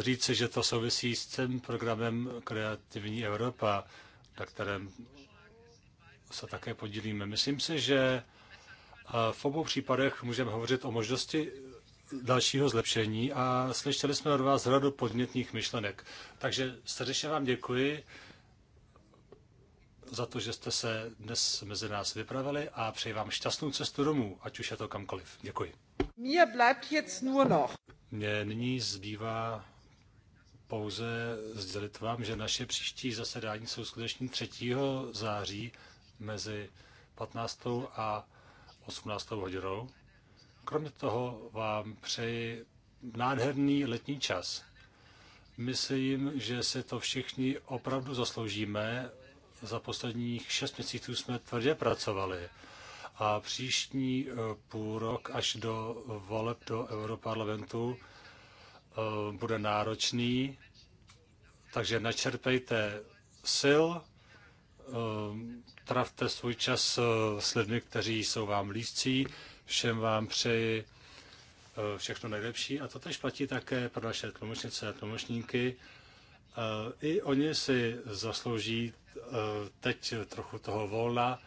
říci, že to souvisí s tím programem Kreativní Evropa, na kterém se také podílíme. Myslím si, že uh, v obou případech můžeme hovořit o možnosti dalšího zlepšení a slyšeli jsme od vás řadu podnětných myšlenek. Takže srdečně vám děkuji za to, že jste se dnes mezi nás vypravili a přeji vám šťastnou cestu domů, ať už je to kamkoliv. Děkuji. Mir bleibt jetzt nur noch. Mně nyní zbývá pouze sdělit vám, že naše příští zasedání jsou skutečně 3. září mezi 15. a 18. hodinou. Kromě toho vám přeji nádherný letní čas. Myslím, že si to všichni opravdu zasloužíme. Za posledních šest měsíců jsme tvrdě pracovali a příští eh, půl rok až do voleb do Europarlamentu eh, bude náročný, takže načerpejte sil, eh, travte svůj čas s lidmi, kteří jsou vám lízcí, Všem vám přeji eh, všechno nejlepší a to tež platí také pro naše tlumočnice a tlumočníky. Eh, I oni si zaslouží eh, teď trochu toho volna.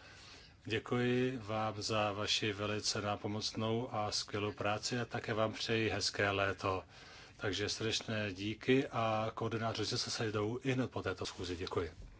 Děkuji vám za vaši velice nápomocnou a skvělou práci a také vám přeji hezké léto. Takže srdečné díky a koordinátoři se sejdou i hned po této schůzi. Děkuji.